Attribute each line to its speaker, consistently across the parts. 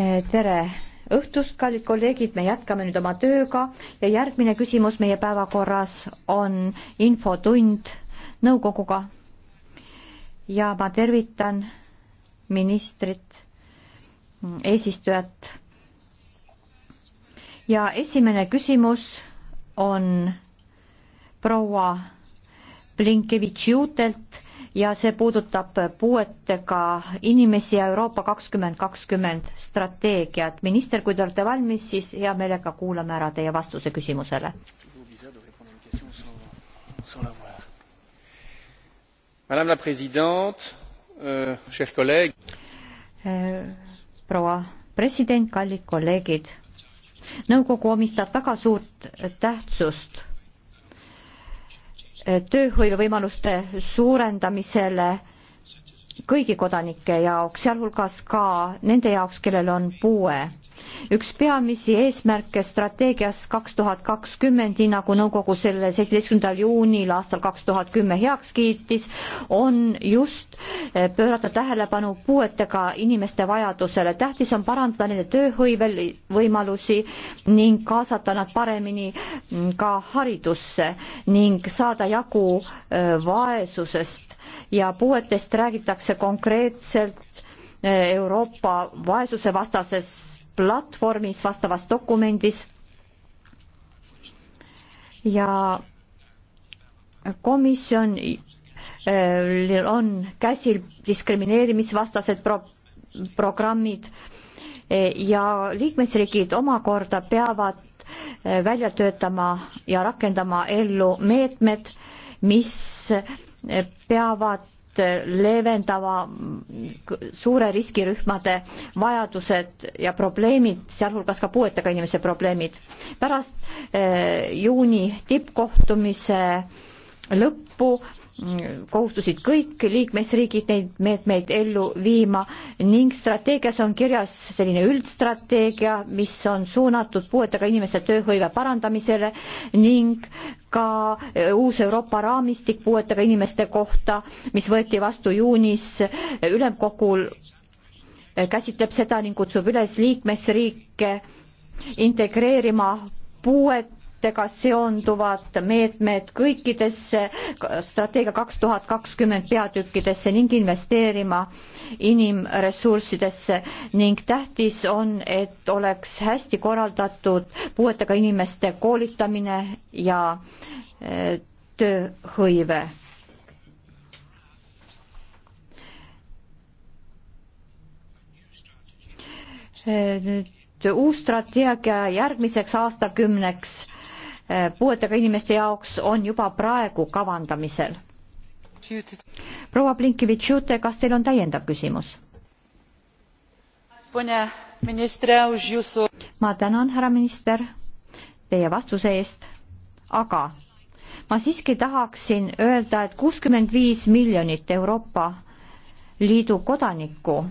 Speaker 1: Eh, tere õhtust, kallid kolleegid, me jätkame nüüd oma tööga ja järgmine küsimus meie päevakorras on infotund nõukoguga. ja ma tervitan ministrit, mm, eesistujat. ja esimene küsimus on proua Blinkevitšiutelt ja see puudutab puuetega inimesi ja Euroopa kakskümmend kakskümmend strateegiat. minister, kui te olete valmis, siis hea meelega kuulame ära teie vastuse küsimusele.
Speaker 2: Madame la présidente euh,, chers collègues. Äh, proua
Speaker 1: president, kallid kolleegid. nõukogu omistab väga suurt tähtsust tööhõivevõimaluste suurendamisele kõigi kodanike jaoks, sealhulgas ka nende jaoks, kellel on puue üks peamisi eesmärke strateegias kaks tuhat kakskümmend, nii nagu nõukogu selle seitsmeteistkümnendal juunil aastal kaks tuhat kümme heaks kiitis, on just eh, pöörata tähelepanu puuetega inimeste vajadusele. tähtis on parandada nende tööhõivel võimalusi ning kaasata nad paremini mm, ka haridusse ning saada jagu eh, vaesusest ja puuetest räägitakse konkreetselt eh, Euroopa vaesusevastases platvormis, vastavas dokumendis. ja komisjon äh, on käsil diskrimineerimisvastased pro programmid äh, ja liikmesriigid omakorda peavad äh, välja töötama ja rakendama ellu meetmed, mis peavad leevendama suure riskirühmade vajadused ja probleemid, sealhulgas ka puuetega inimese probleemid. pärast eh, juuni tippkohtumise lõppu kohustusid kõik liikmesriigid neid meetmeid ellu viima ning strateegias on kirjas selline üldstrateegia, mis on suunatud puuetega inimeste tööhõive parandamisele ning ka äh, uus Euroopa raamistik puuetega inimeste kohta, mis võeti vastu juunis ülemkogul, äh, käsitleb seda ning kutsub üles liikmesriike integreerima puuet tega seonduvad meetmed kõikidesse strateegia kaks tuhat kakskümmend peatükkidesse ning investeerima inimressurssidesse ning tähtis on, et oleks hästi korraldatud puuetega inimeste koolitamine ja eh, tööhõive. Eh, nüüd uus strateegia järgmiseks aastakümneks Eh, puuetega inimeste jaoks on juba praegu kavandamisel. proua Blinkivitš-Jute, kas teil on täiendav küsimus? ma tänan, härra minister, teie vastuse eest, aga ma siiski tahaksin öelda, et kuuskümmend viis miljonit Euroopa Liidu kodanikku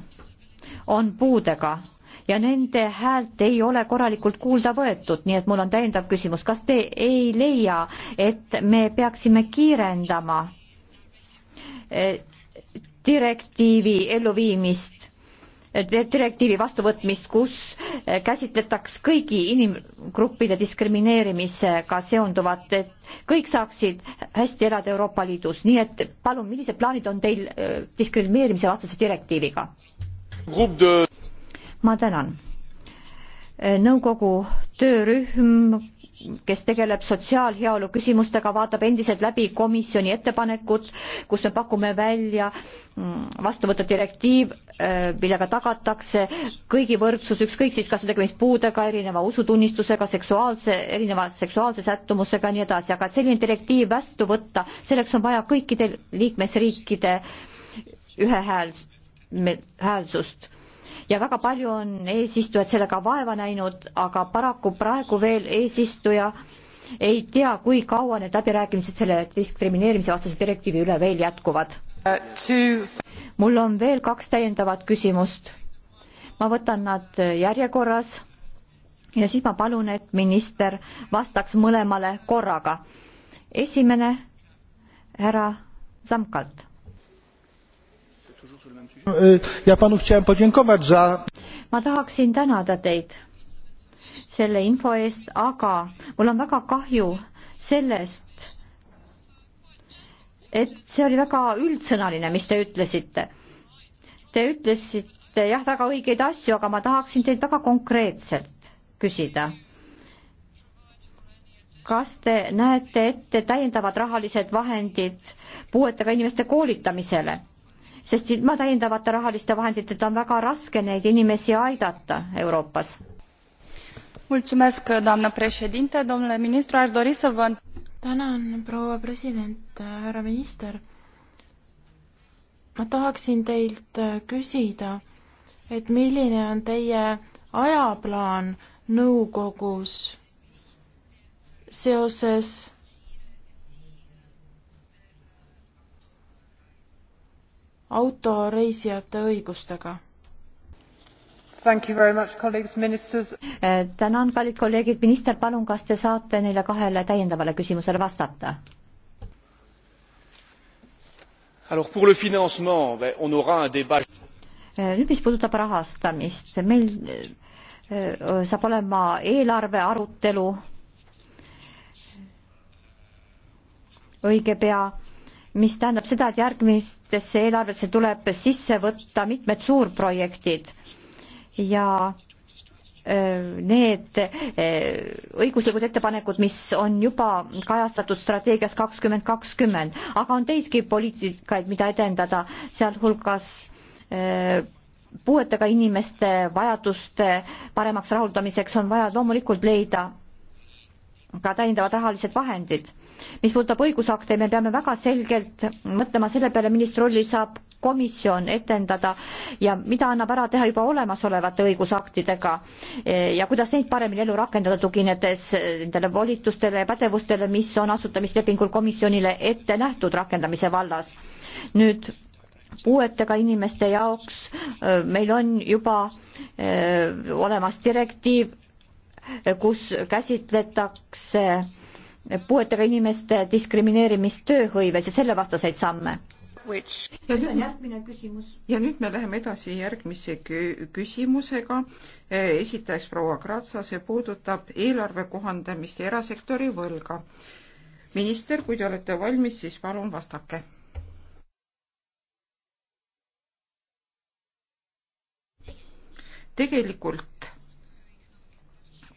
Speaker 1: on puudega ja nende häält ei ole korralikult kuulda võetud, nii et mul on täiendav küsimus, kas te ei leia, et me peaksime kiirendama e, direktiivi elluviimist? E, direktiivi vastuvõtmist, kus e, käsitletaks kõigi inimgruppide diskrimineerimisega seonduvat, et kõik saaksid hästi elada Euroopa Liidus, nii et palun, millised plaanid on teil diskrimineerimise vastase direktiiviga? ma tänan. Äh, nõukogu töörühm, kes tegeleb sotsiaalheaolu küsimustega, vaatab endiselt läbi komisjoni ettepanekud, kus me pakume välja mm, vastuvõtta direktiiv, äh, millega tagatakse kõigi võrdsus, ükskõik siis kas on tegemist puudega, erineva usutunnistusega, seksuaalse, erineva seksuaalse sättumusega ja nii edasi, aga et selline direktiiv vastu võtta, selleks on vaja kõikide liikmesriikide ühehääl-, häälsust ja väga palju on eesistujad sellega vaeva näinud, aga paraku praegu veel eesistuja ei tea, kui kaua need läbirääkimised selle diskrimineerimise vastase direktiivi üle veel jätkuvad. mul on veel kaks täiendavat küsimust. ma võtan nad järjekorras ja siis ma palun, et minister vastaks mõlemale korraga. esimene härra Zamkalt ma tahaksin tänada teid selle info eest, aga mul on väga kahju sellest, et see oli väga üldsõnaline, mis te ütlesite. Te ütlesite jah, väga õigeid asju, aga ma tahaksin teilt väga konkreetselt küsida. kas te näete ette täiendavad rahalised vahendid puuetega inimeste koolitamisele? sest ilma täiendavate rahaliste vahenditeta on väga raske neid inimesi aidata
Speaker 3: Euroopas. tänan, proua president, härra minister. ma tahaksin teilt küsida, et milline on teie ajaplaan nõukogus seoses autoreisijate õigustega. Äh,
Speaker 1: tänan, kallid kolleegid, minister, palun, kas te saate neile kahele täiendavale küsimusele vastata? Äh, nüüd, mis puudutab rahastamist, meil äh, saab olema eelarve arutelu õige pea mis tähendab seda, et järgmistesse eelarvesse tuleb sisse võtta mitmed suurprojektid ja need õiguslikud ettepanekud, mis on juba kajastatud strateegias kakskümmend kakskümmend, aga on teisigi poliitikaid, mida edendada, sealhulgas puuetega inimeste vajaduste paremaks rahuldamiseks on vaja loomulikult leida ka täiendavad rahalised vahendid mis puudutab õigusakte, me peame väga selgelt mõtlema selle peale, millist rolli saab komisjon etendada ja mida annab ära teha juba olemasolevate õigusaktidega e, ja kuidas neid paremini ellu rakendada, tuginedes nendele volitustele ja pädevustele, mis on asutamislepingul komisjonile ette nähtud rakendamise vallas. nüüd puuetega inimeste jaoks e, meil on juba öö, e, olemas direktiiv, kus käsitletakse puuetega inimeste diskrimineerimist tööhõives ja sellevastaseid samme.
Speaker 4: ja nüüd on järgmine küsimus. ja nüüd me läheme edasi järgmise küsimusega. Eh, esitajaks proua Kratsa, see puudutab eelarve kohandamist ja erasektori võlga. minister, kui te olete valmis, siis palun vastake. tegelikult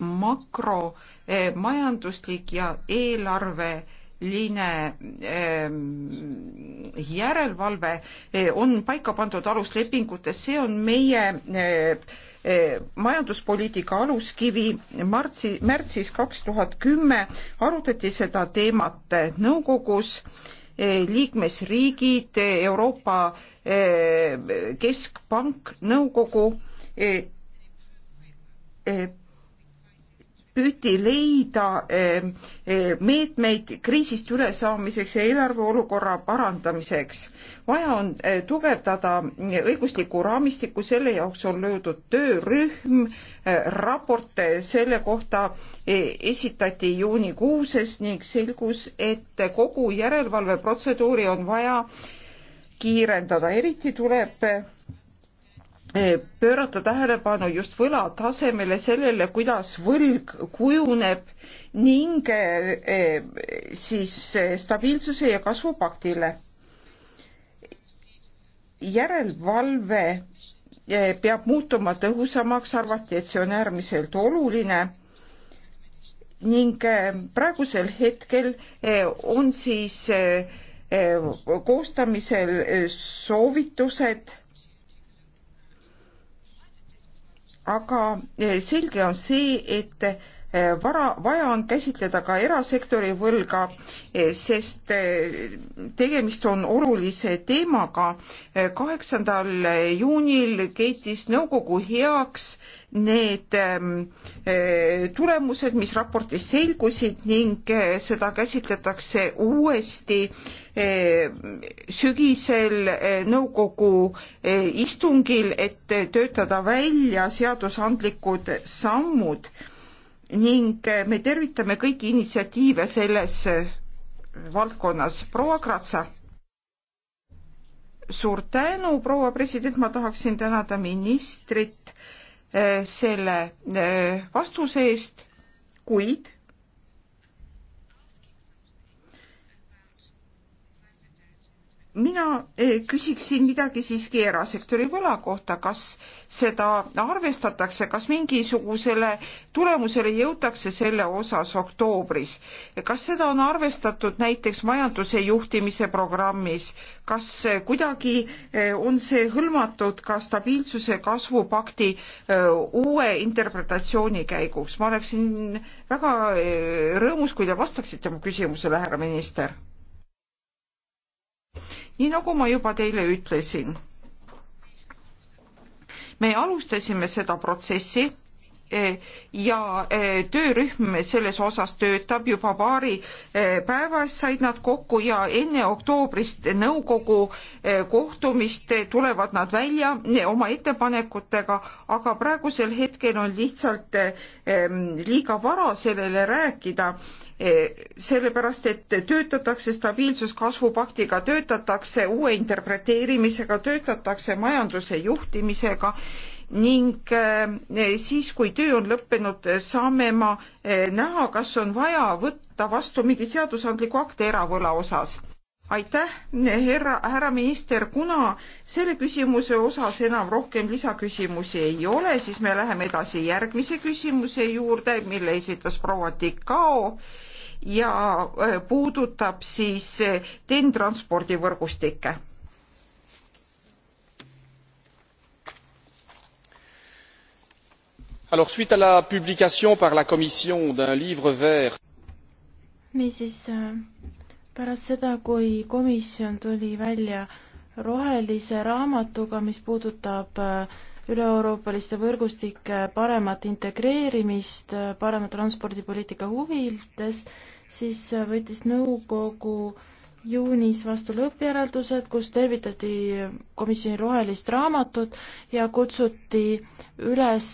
Speaker 4: makromajanduslik eh, ja eelarve line ehm, järelevalve eh, on paika pandud aluslepingutes, see on meie eh, majanduspoliitika aluskivi märtsi, märtsis kaks tuhat kümme arutati seda teemat nõukogus, liikmesriigid, Euroopa Keskpank, nõukogu püüti leida ehm, ehm, meetmeid kriisist ülesaamiseks ja eelarve olukorra parandamiseks. vaja on eh, tugevdada õiguslikku raamistikku, selle jaoks on löödud töörühm, eh, raport eh, selle kohta esitati juunikuuses ning selgus, et kogu järelevalveprotseduuri on vaja kiirendada, eriti tuleb pöörata tähelepanu just võla tasemele, sellele, kuidas võlg kujuneb ning eh, eh, siis eh, stabiilsuse ja kasvu paktile. järelevalve peab muutuma tõhusamaks, arvati, et see on äärmiselt oluline ning praegusel hetkel on siis koostamisel soovitused aga eh, selge on see, et Eh, vara, vaja on käsitleda ka erasektori võlga, eh, sest eh, tegemist on olulise teemaga. kaheksandal juunil keitis nõukogu heaks need ehm, tulemused, mis raportis selgusid ning seda käsitletakse uuesti sügisel nõukogu istungil, et töötada välja seadusandlikud sammud ning me tervitame kõiki initsiatiive selles äh, valdkonnas. proua Kratsa. suur tänu, proua president, ma tahaksin tänada ministrit äh, selle äh, vastuse eest, kuid mina eh, küsiksin midagi siiski erasektori võla kohta, kas seda arvestatakse, kas mingisugusele tulemusele jõutakse selle osas oktoobris? kas seda on arvestatud näiteks majanduse juhtimise programmis, kas eh, kuidagi eh, on see hõlmatud ka stabiilsuse kasvupakti uue interpretatsiooni käigus? ma oleksin väga rõõmus, kui te vastaksite mu küsimusele, härra minister nii nagu ma juba teile ütlesin, me alustasime seda protsessi Eh, ja eh, töörühm selles osas töötab juba paari eh, päevas said nad kokku ja enne oktoobrist nõukogu kohtumist tulevad nad välja oma ettepanekutega, aga praegusel hetkel on lihtsalt liiga vara sellele rääkida sellepärast, et töötatakse stabiilsuskasvupaktiga, töötatakse uue interpreteerimisega, töötatakse majanduse juhtimisega ning eh, siis, kui töö on lõppenud, eh, saame ma eh, näha, kas on vaja võtta vastu mingi seadusandliku akte eravõla osas. aitäh, härra, härra minister, kuna selle küsimuse osas enam rohkem lisaküsimusi ei ole, siis me läheme edasi järgmise küsimuse juurde, mille esitas proua Tikao ja puudutab siis TEN transpordivõrgustikke
Speaker 2: suite à la publication par la commission d'un livre vert
Speaker 3: niisiis äh, pärast seda kui komisjon tuli välja rohelise raamatuga mis puudutab äh, üleeuroopaliste võrgustike paremat integreerimist äh, parema transpordipoliitika huvides siis võttis nõukogu juunis vastu lõppjäreldused, kus tervitati komisjoni rohelist raamatut ja kutsuti üles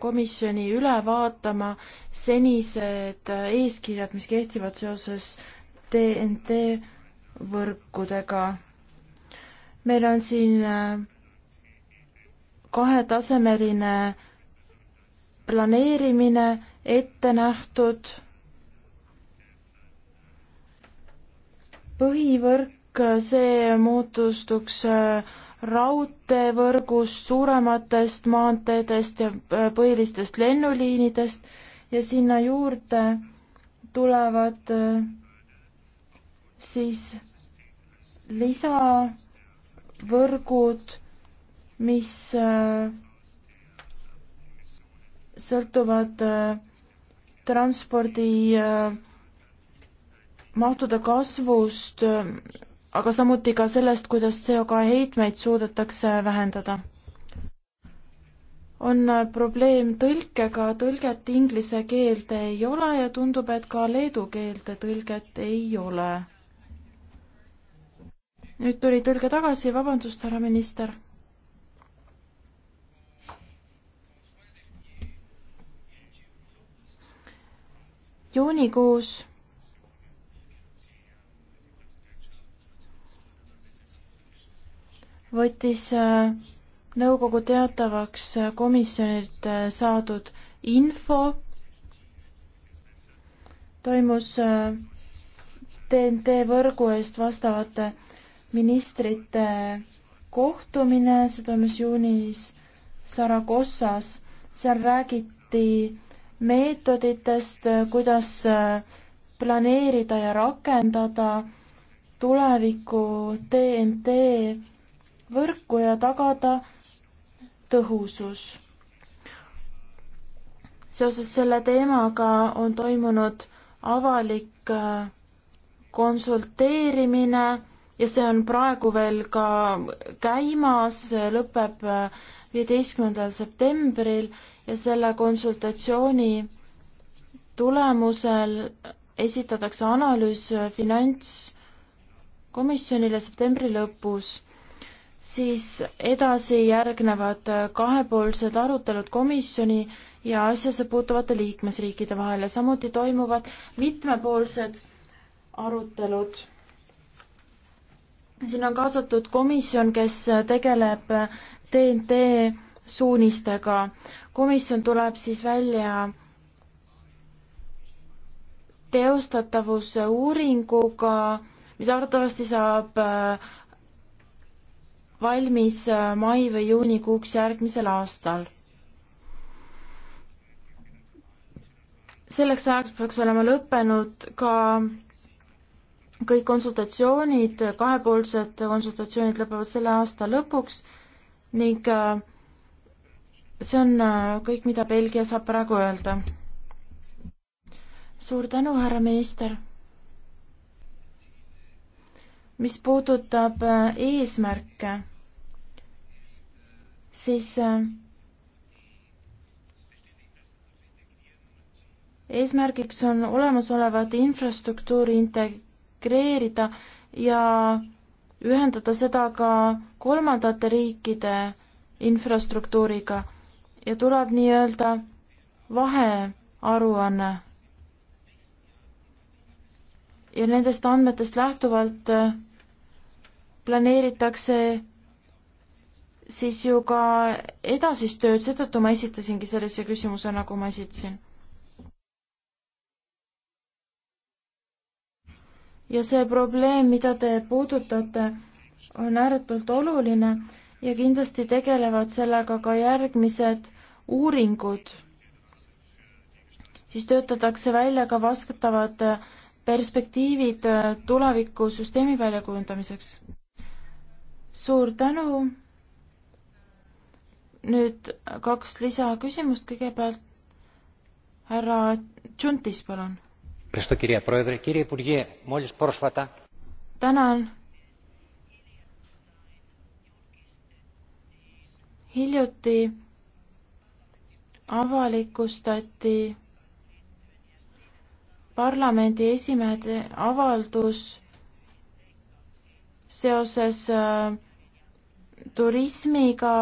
Speaker 3: komisjoni üle vaatama senised eeskirjad, mis kehtivad seoses TNT võrkudega. meil on siin äh, kahetasemeline planeerimine ette nähtud põhivõrk, see muutustuks äh, raudteevõrgust, suurematest maanteedest ja äh, põhilistest lennuliinidest ja sinna juurde tulevad äh, siis lisavõrgud, mis sõltuvad transpordi äh, mahtude kasvust, ähm, aga samuti ka sellest, kuidas CO2 heitmeid suudetakse vähendada. on äh, probleem tõlkega, tõlget inglise keelde ei ole ja tundub, et ka leedu keelde tõlget ei ole. nüüd tuli tõlge tagasi, vabandust, härra minister juunikuus võttis äh, nõukogu teatavaks äh, komisjonilt äh, saadud info, toimus TNT võrgu eest vastavate ministrite kohtumine, see toimus juunis Saragossas, seal räägiti meetoditest, kuidas planeerida ja rakendada tuleviku TNT võrku ja tagada tõhusus. seoses selle teemaga on toimunud avalik äh, konsulteerimine ja see on praegu veel ka käimas, lõpeb äh, viieteistkümnendal septembril ja selle konsultatsiooni tulemusel esitatakse analüüs äh, finantskomisjonile septembri lõpus siis edasi järgnevad kahepoolsed arutelud komisjoni ja asjasse puutuvate liikmesriikide vahel ja samuti toimuvad mitmepoolsed arutelud. siin on kaasatud komisjon, kes tegeleb TNT suunistega. komisjon tuleb siis välja teostatavuse uuringuga, mis arvatavasti saab äh, valmis äh, mai või juunikuuks järgmisel aastal. selleks ajaks peaks olema lõppenud ka kõik konsultatsioonid, kahepoolsed konsultatsioonid lõpevad selle aasta lõpuks ning äh, see on äh, kõik, mida Belgia saab praegu öelda. suur tänu, härra minister mis puudutab äh, eesmärke, siis äh, eesmärgiks on olemasolevat infrastruktuuri integreerida ja ühendada seda ka kolmandate riikide infrastruktuuriga ja tuleb nii-öelda vahearuanne. ja nendest andmetest lähtuvalt äh, planeeritakse siis ju ka edasist tööd, seetõttu ma esitasingi sellise küsimuse, nagu ma esitasin. ja see probleem, mida te puudutate, on ääretult oluline ja kindlasti tegelevad sellega ka järgmised uuringud. siis töötatakse välja ka vastavad perspektiivid tuleviku süsteemi väljakujundamiseks suur tänu. nüüd kaks lisaküsimust, kõigepealt härra Tšuntis, palun. tänan. hiljuti avalikustati parlamendi esimehede avaldus seoses äh, turismiga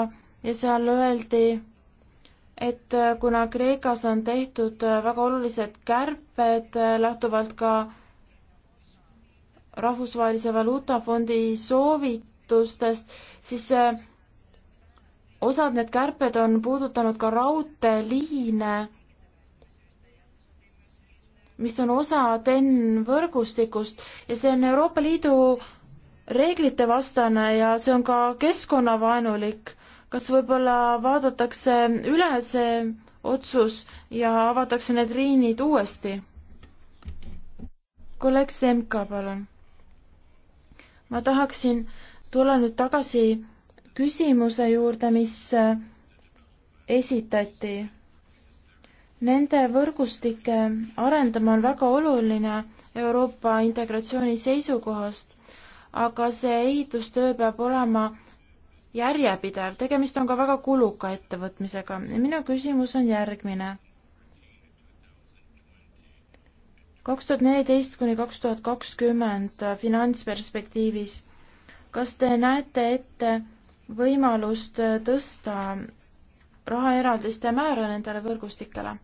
Speaker 3: ja seal öeldi, et äh, kuna Kreekas on tehtud äh, väga olulised kärped äh, lähtuvalt ka rahvusvahelise valuutafondi soovitustest, siis osad need kärped on puudutanud ka raudteeliine, mis on osa TEN võrgustikust ja see on Euroopa Liidu reeglitevastane ja see on ka keskkonnavaenulik. kas võib-olla vaadatakse üle see otsus ja avatakse need liinid uuesti? kolleeg Semka, palun. ma tahaksin tulla nüüd tagasi küsimuse juurde, mis äh, esitati. Nende võrgustike arendamine on väga oluline Euroopa integratsiooni seisukohast aga see ehitustöö peab olema järjepidev, tegemist on ka väga kuluka ettevõtmisega ja minu küsimus on järgmine. kaks tuhat neliteist kuni kaks tuhat kakskümmend finantsperspektiivis, kas te näete ette võimalust tõsta rahaeraldiste määra nendele võrgustikele?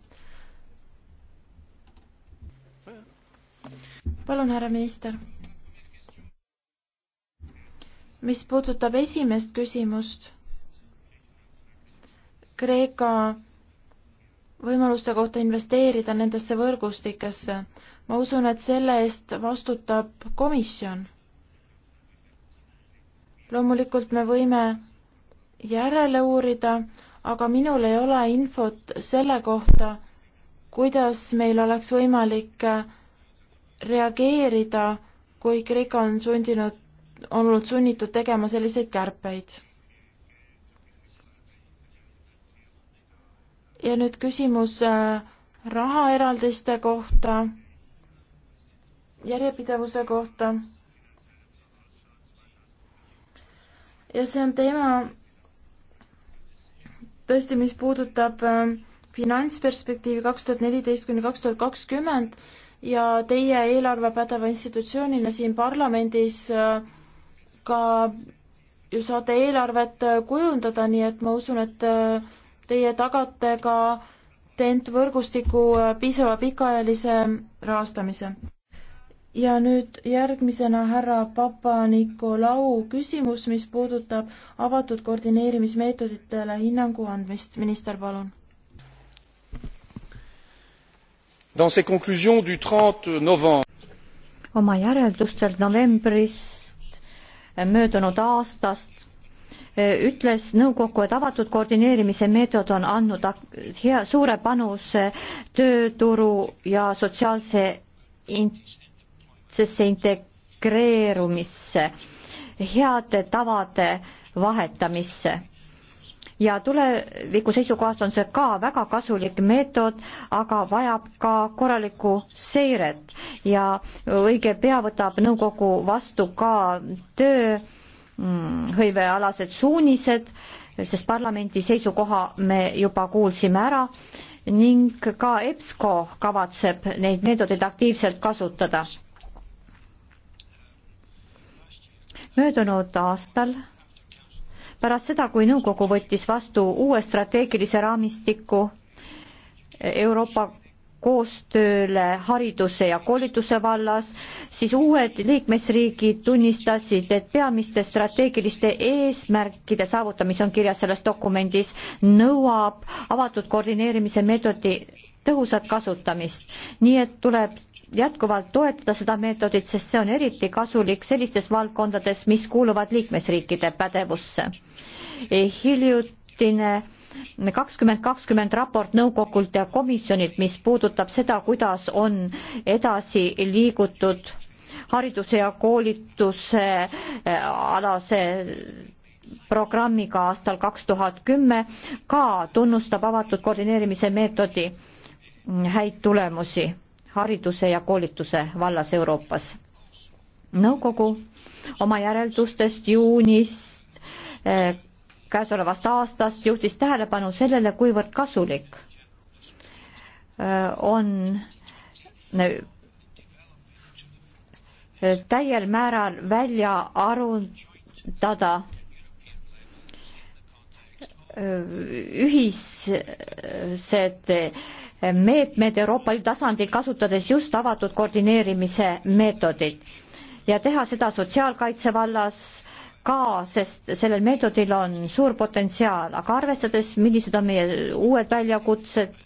Speaker 3: palun, härra minister mis puudutab esimest küsimust Kreeka võimaluste kohta investeerida nendesse võrgustikesse, ma usun, et selle eest vastutab komisjon. loomulikult me võime järele uurida, aga minul ei ole infot selle kohta, kuidas meil oleks võimalik reageerida, kui Kreeka on sundinud on olnud sunnitud tegema selliseid kärpeid. ja nüüd küsimus äh, rahaeraldiste kohta, järjepidevuse kohta. ja see on teema tõesti, mis puudutab äh, finantsperspektiivi kaks tuhat neliteist kuni kaks tuhat kakskümmend ja teie eelarvepädeva institutsioonina siin parlamendis äh, ka ju saate eelarvet kujundada, nii et ma usun, et äh, teie tagate ka TENT võrgustiku äh, piisava pikaajalise rahastamise. ja nüüd järgmisena härra Papa-Nikolau küsimus, mis puudutab avatud koordineerimismeetoditele hinnangu andmist. minister, palun.
Speaker 2: Dans ses conclusions du 30 novembre.
Speaker 1: oma järeldustel novembris möödunud aastast e, ütles nõukokku, et avatud koordineerimise meetod on andnud hea, suure panuse tööturu ja sotsiaalse intsesse integreerumisse, heade tavade vahetamisse ja tuleviku seisukohast on see ka väga kasulik meetod, aga vajab ka korralikku seiret ja õige pea võtab nõukogu vastu ka tööhõivealased mm, suunised, sest parlamendi seisukoha me juba kuulsime ära ning ka EBSCO kavatseb neid meetodeid aktiivselt kasutada. möödunud aastal pärast seda, kui nõukogu võttis vastu uue strateegilise raamistiku Euroopa koostööle hariduse ja koolituse vallas, siis uued liikmesriigid tunnistasid, et peamiste strateegiliste eesmärkide saavutamise on kirjas selles dokumendis, nõuab avatud koordineerimise meetodi tõhusat kasutamist, nii et tuleb jätkuvalt toetada seda meetodit, sest see on eriti kasulik sellistes valdkondades, mis kuuluvad liikmesriikide pädevusse. Eh, hiljutine kakskümmend kakskümmend raport nõukogult ja komisjonilt, mis puudutab seda, kuidas on edasi liigutud hariduse ja koolituse eh, alase programmiga aastal kaks tuhat kümme ka tunnustab avatud koordineerimise meetodi häid tulemusi hariduse ja koolituse vallas Euroopas. nõukogu oma järeldustest juunist eh, käesolevast aastast juhtis tähelepanu sellele, kuivõrd kasulik eh, on eh, täiel määral välja arundada ühised meetmed Euroopa Liidu tasandil, kasutades just avatud koordineerimise meetodit ja teha seda sotsiaalkaitse vallas ka, sest sellel meetodil on suur potentsiaal, aga arvestades, millised on meie uued väljakutsed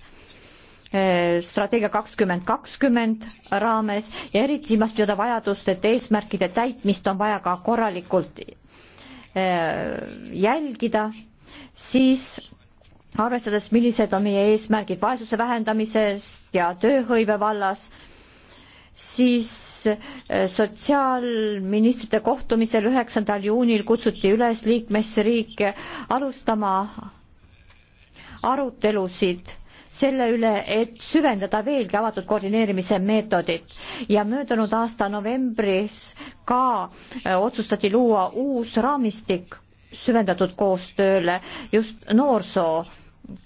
Speaker 1: eh, strateegia kakskümmend kakskümmend raames ja eriti silmas pidada vajadust, et eesmärkide täitmist on vaja ka korralikult eh, jälgida, siis arvestades, millised on meie eesmärgid vaesuse vähendamisest ja tööhõive vallas, siis eh, sotsiaalministrite kohtumisel üheksandal juunil kutsuti üles liikmesriike alustama arutelusid selle üle, et süvendada veelgi avatud koordineerimise meetodit ja möödunud aasta novembris ka eh, otsustati luua uus raamistik süvendatud koostööle just noorsoo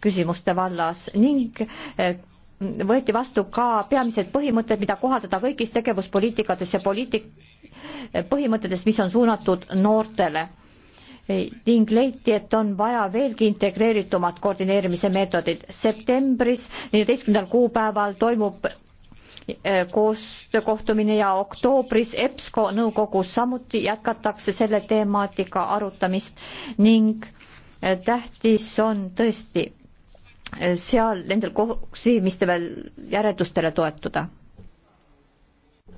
Speaker 1: küsimuste vallas ning eh, võeti vastu ka peamised põhimõtted, mida kohaldada kõigis tegevuspoliitikates ja poliitik-, põhimõtetes, mis on suunatud noortele. ning leiti, et on vaja veelgi integreeritumad koordineerimise meetodid. septembris, neljateistkümnendal kuupäeval toimub eh, koostöökohtumine ja oktoobris EBSCO nõukogus samuti jätkatakse selle temaatika arutamist ning tähtis on tõesti eh, seal nendel kohtusimistel järeldustele toetuda.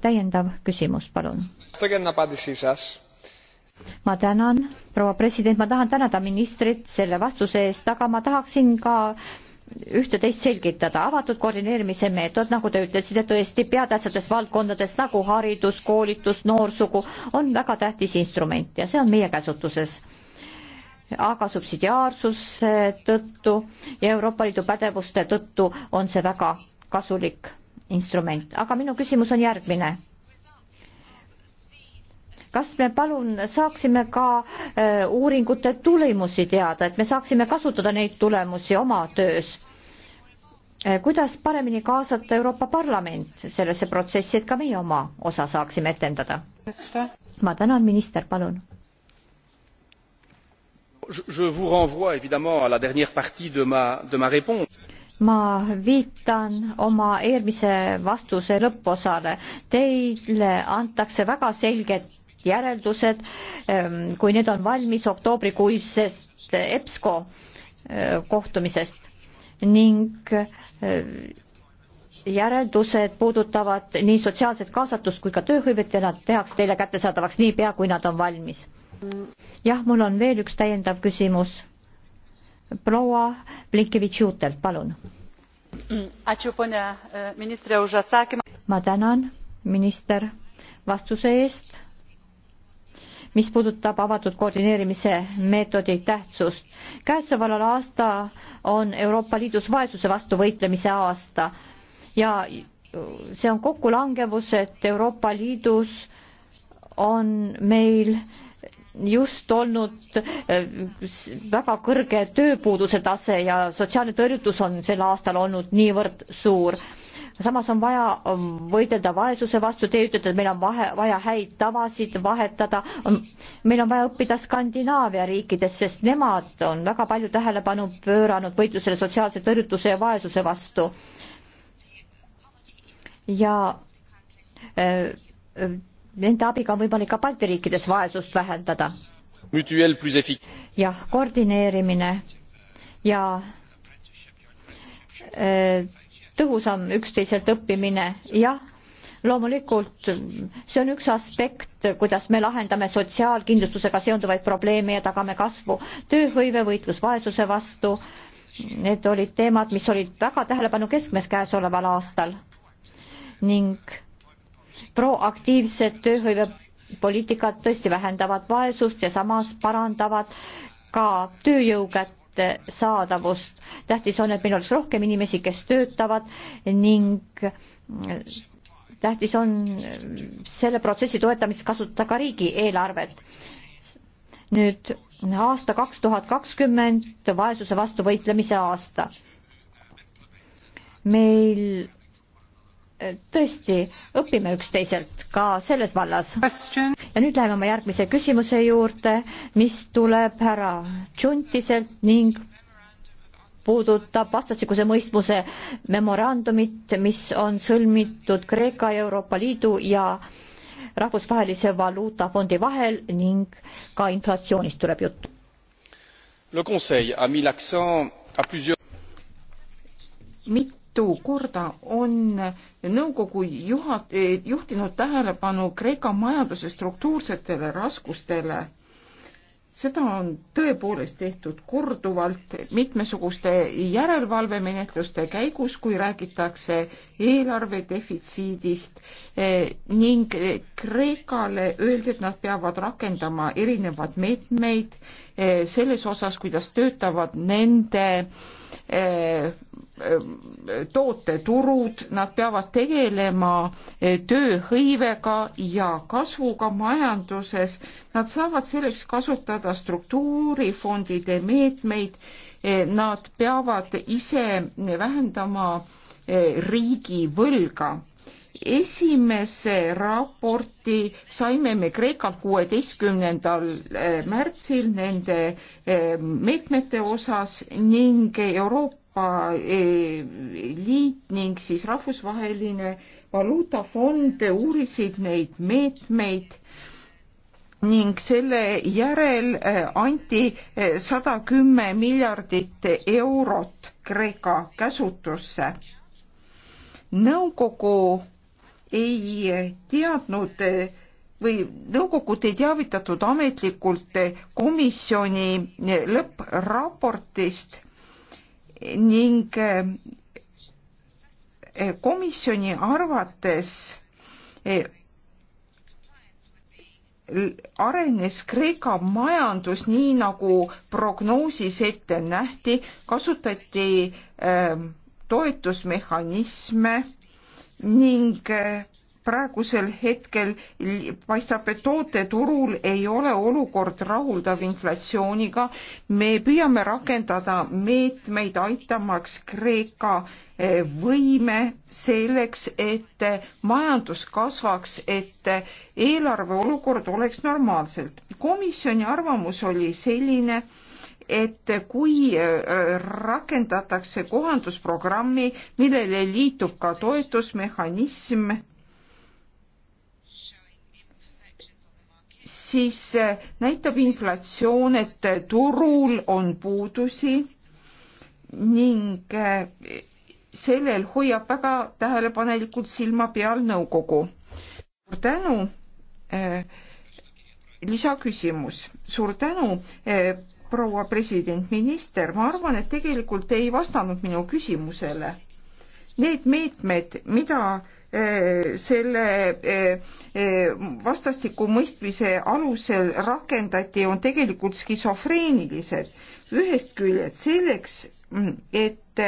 Speaker 1: täiendav küsimus, palun. ma tänan, proua president, ma tahan tänada ministrit selle vastuse eest, aga ma tahaksin ka ühte-teist selgitada. avatud koordineerimise meetod, nagu te ütlesite, tõesti peatähtsates valdkondades nagu haridus, koolitus, noorsugu on väga tähtis instrument ja see on meie käsutuses aga subsidiaarsuse tõttu ja Euroopa Liidu pädevuste tõttu on see väga kasulik instrument, aga minu küsimus on järgmine. kas me palun saaksime ka äh, uuringute tulemusi teada, et me saaksime kasutada neid tulemusi oma töös? Äh, kuidas paremini kaasata Euroopa Parlament sellesse protsessi, et ka meie oma osa saaksime etendada? ma tänan, minister, palun
Speaker 2: je vous renvoie évidemment à la dernière partie de ma, de ma réponse.
Speaker 1: ma viitan oma eelmise vastuse lõpuosale. Teile antakse väga selged järeldused, ehm, kui need on valmis oktoobrikuisest EBSCO ehm, kohtumisest ning ehm, järeldused puudutavad nii sotsiaalset kaasatust kui ka tööhõivet ja nad tehakse teile kättesaadavaks niipea, kui nad on valmis jah, mul on veel üks täiendav küsimus. proua Blinkevitš-Juutelt, palun.
Speaker 3: Eh,
Speaker 1: ma tänan, minister, vastuse eest mis puudutab avatud koordineerimise meetodi tähtsust. käesoleval aasta on Euroopa Liidus vaesuse vastu võitlemise aasta ja see on kokkulangevus, et Euroopa Liidus on meil just olnud äh, väga kõrge tööpuuduse tase ja sotsiaalne tõrjutus on sel aastal olnud niivõrd suur. samas on vaja ähm, võidelda vaesuse vastu, te ütlete, et meil on vahe, vaja häid tavasid vahetada, ähm, meil on vaja õppida Skandinaavia riikidest, sest nemad on väga palju tähelepanu pööranud võitlusele sotsiaalse tõrjutuse ja vaesuse vastu. ja äh, äh, nende abiga on võimalik ka Balti riikides vaesust vähendada. jah, koordineerimine ja äh, tõhusam üksteiselt õppimine, jah, loomulikult see on üks aspekt, kuidas me lahendame sotsiaalkindlustusega seonduvaid probleeme ja tagame kasvu, tööhõive, võitlus vaesuse vastu, need olid teemad, mis olid väga tähelepanu keskmes käesoleval aastal ning proaktiivsed tööhõivepoliitikad tõesti vähendavad vaesust ja samas parandavad ka tööjõu kättesaadavust. tähtis on, et meil oleks rohkem inimesi, kes töötavad ning tähtis on selle protsessi toetamiseks kasutada ka riigieelarvet. nüüd aasta kaks tuhat kakskümmend, vaesuse vastu võitlemise aasta. meil tõesti õpime üksteiselt ka selles vallas. ja nüüd läheme oma järgmise küsimuse juurde, mis tuleb härra Tšuntiselt ning puudutab vastastikuse mõistmuse memorandumit, mis on sõlmitud Kreeka, Euroopa Liidu ja rahvusvahelise valuutafondi vahel ning ka inflatsioonist tuleb jutt.
Speaker 2: Le Conseil a mis l'accent à plusieurs
Speaker 4: mitu korda on nõukogu juhat-, eh, juhtinud tähelepanu Kreeka majanduse struktuursetele raskustele. seda on tõepoolest tehtud korduvalt mitmesuguste järelevalvemenetluste käigus, kui räägitakse eelarve defitsiidist eh, ning Kreekale öeldi, et nad peavad rakendama erinevaid meetmeid eh, selles osas, kuidas töötavad nende tooteturud, nad peavad tegelema eh, tööhõivega ja kasvuga majanduses. Nad saavad selleks kasutada struktuurifondide meetmeid. Eh, nad peavad ise vähendama eh, riigi võlga esimese raporti saime me Kreekalt kuueteistkümnendal eh, märtsil nende eh, meetmete osas ning Euroopa eh, Liit ning siis rahvusvaheline valuutafond uurisid neid meetmeid ning selle järel anti sada kümme miljardit eurot Kreeka käsutusse. nõukogu ei teadnud või nõukogud ei teavitatud ametlikult komisjoni lõppraportist ning eh, komisjoni arvates eh, arenes Kreeka majandus nii nagu prognoosis ette nähti, kasutati eh, toetusmehhanisme ning äh, praegusel hetkel paistab, et tooteturul ei ole olukord rahuldav inflatsiooniga. me püüame rakendada meetmeid aitamaks Kreeka äh, võime selleks, et äh, majandus kasvaks, et eelarve olukord oleks normaalselt. komisjoni arvamus oli selline et kui äh, rakendatakse kohandusprogrammi, millele liitub ka toetusmehhanism, siis äh, näitab inflatsioon, et turul on puudusi ning äh, sellel hoiab väga tähelepanelikult silma peal nõukogu. suur tänu lisaküsimus. suur tänu proua president, minister, ma arvan, et tegelikult te ei vastanud minu küsimusele. Need meetmed, mida eh, selle eh, eh, vastastiku mõistmise alusel rakendati, on tegelikult skisofreenilised. ühest küljest selleks, et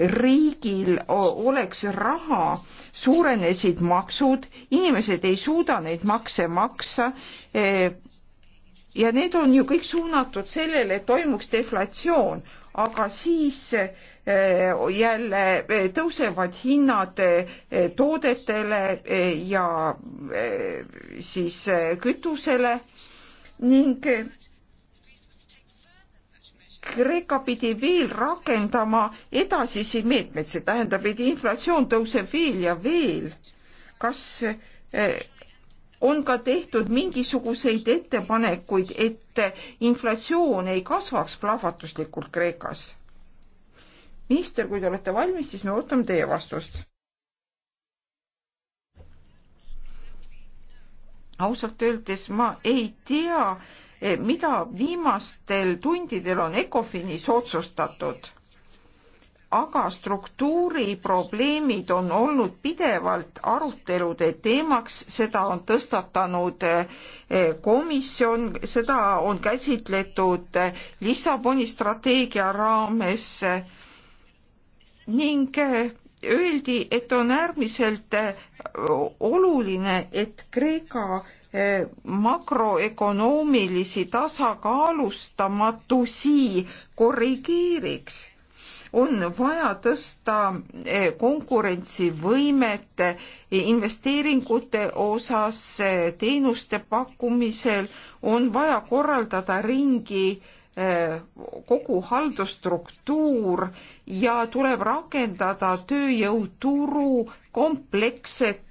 Speaker 4: riigil oleks raha, suurenesid maksud, inimesed ei suuda neid makse maksa ja need on ju kõik suunatud sellele, et toimuks deflatsioon, aga siis eh, jälle eh, tõusevad hinnad eh, toodetele ja siis kütusele ning Kreeka pidi veel rakendama edasisi meetmeid, see tähendab, et inflatsioon tõuseb veel ja veel. kas on ka tehtud mingisuguseid ettepanekuid, et inflatsioon ei kasvaks plahvatuslikult Kreekas? minister, kui te olete valmis, siis me ootame teie vastust. ausalt öeldes ma ei tea, eh, mida viimastel tundidel on Ecofinis otsustatud aga struktuuriprobleemid on olnud pidevalt arutelude teemaks, seda on tõstatanud eh, komisjon, seda on käsitletud eh, Lissaboni strateegia raames eh, ning öeldi, et on äärmiselt oluline, et Kreeka makroökonoomilisi tasakaalustamatusi korrigeeriks on vaja tõsta eh, konkurentsivõimet investeeringute osas, eh, teenuste pakkumisel, on vaja korraldada ringi eh, kogu haldusstruktuur ja tuleb rakendada tööjõuturu kompleksset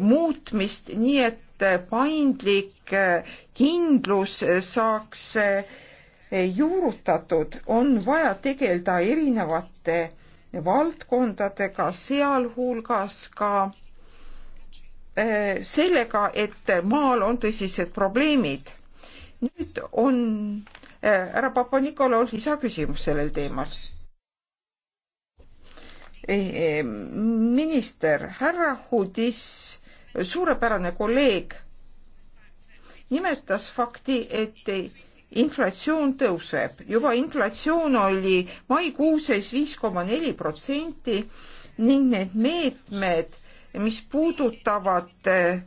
Speaker 4: muutmist, nii et paindlik kindlus saaks Eh, juurutatud, on vaja tegeleda erinevate valdkondadega, sealhulgas ka eh, sellega, et maal on tõsised probleemid. nüüd on eh, härra Papa-Nikolov lisaküsimus sellel teemal. minister härra Hudis, suurepärane kolleeg, nimetas fakti, et inflatsioon tõuseb. juba inflatsioon oli maikuus sees viis koma neli protsenti ning need meetmed, mis puudutavad eh,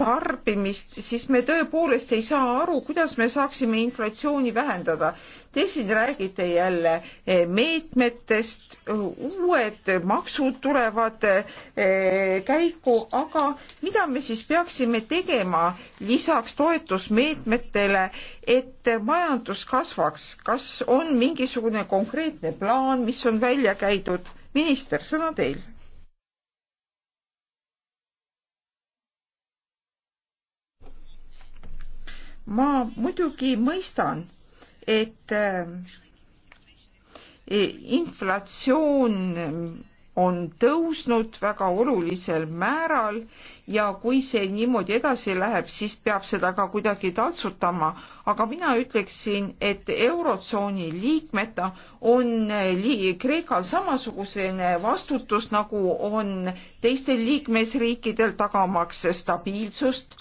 Speaker 4: tarbimist, siis me tõepoolest ei saa aru, kuidas me saaksime inflatsiooni vähendada. Te siin räägite jälle eh, meetmetest, eh, uued maksud tulevad eh, käiku, aga mida me siis peaksime tegema lisaks toetusmeetmetele, et majandus kasvaks, kas on mingisugune konkreetne plaan, mis on välja käidud? minister, sõna teil ma muidugi mõistan, et äh, inflatsioon on tõusnud väga olulisel määral ja kui see niimoodi edasi läheb, siis peab seda ka kuidagi taltsutama, aga mina ütleksin, et Eurotsooni liikmeta on äh, li Kreekal samasugusene vastutus, nagu on teistel liikmesriikidel, tagamaks stabiilsust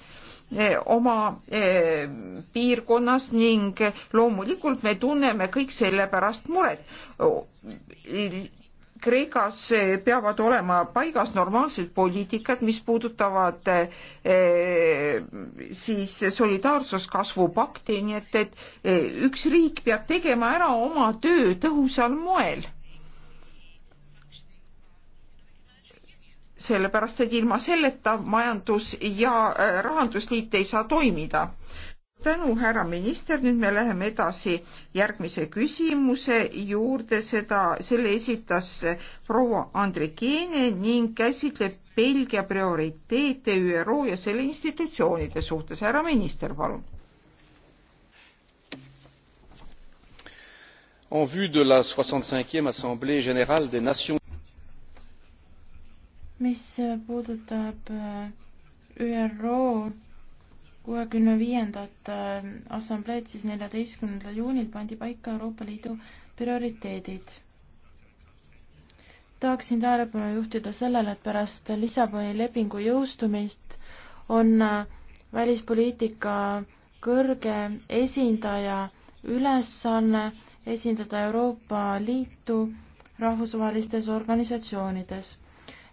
Speaker 4: Eh, oma eh, piirkonnas ning loomulikult me tunneme kõik selle pärast muret. Kreekas eh, peavad olema paigas normaalsed poliitikad, mis puudutavad siis solidaarsuskasvu pakti, nii et, et üks riik peab tegema ära oma töö tõhusal moel sellepärast et ilma selleta majandus ja äh, rahandusliit ei saa toimida. tänu, härra minister, nüüd me läheme edasi järgmise küsimuse juurde, seda, selle esitas äh, proua Andrikeene ning käsitleb Belgia prioriteete ÜRO ja selle institutsioonide suhtes. härra minister, palun.
Speaker 2: En vue de la 65e Assemblée générale des Nations
Speaker 3: mis äh, puudutab äh, ÜRO kuuekümne viiendat äh, assambleed, siis neljateistkümnendal juunil pandi paika Euroopa Liidu prioriteedid. tahaksin tähelepanu juhtida sellele, et pärast Lissaboni lepingu jõustumist on välispoliitika kõrge esindaja ülesanne esindada Euroopa Liitu rahvusvahelistes organisatsioonides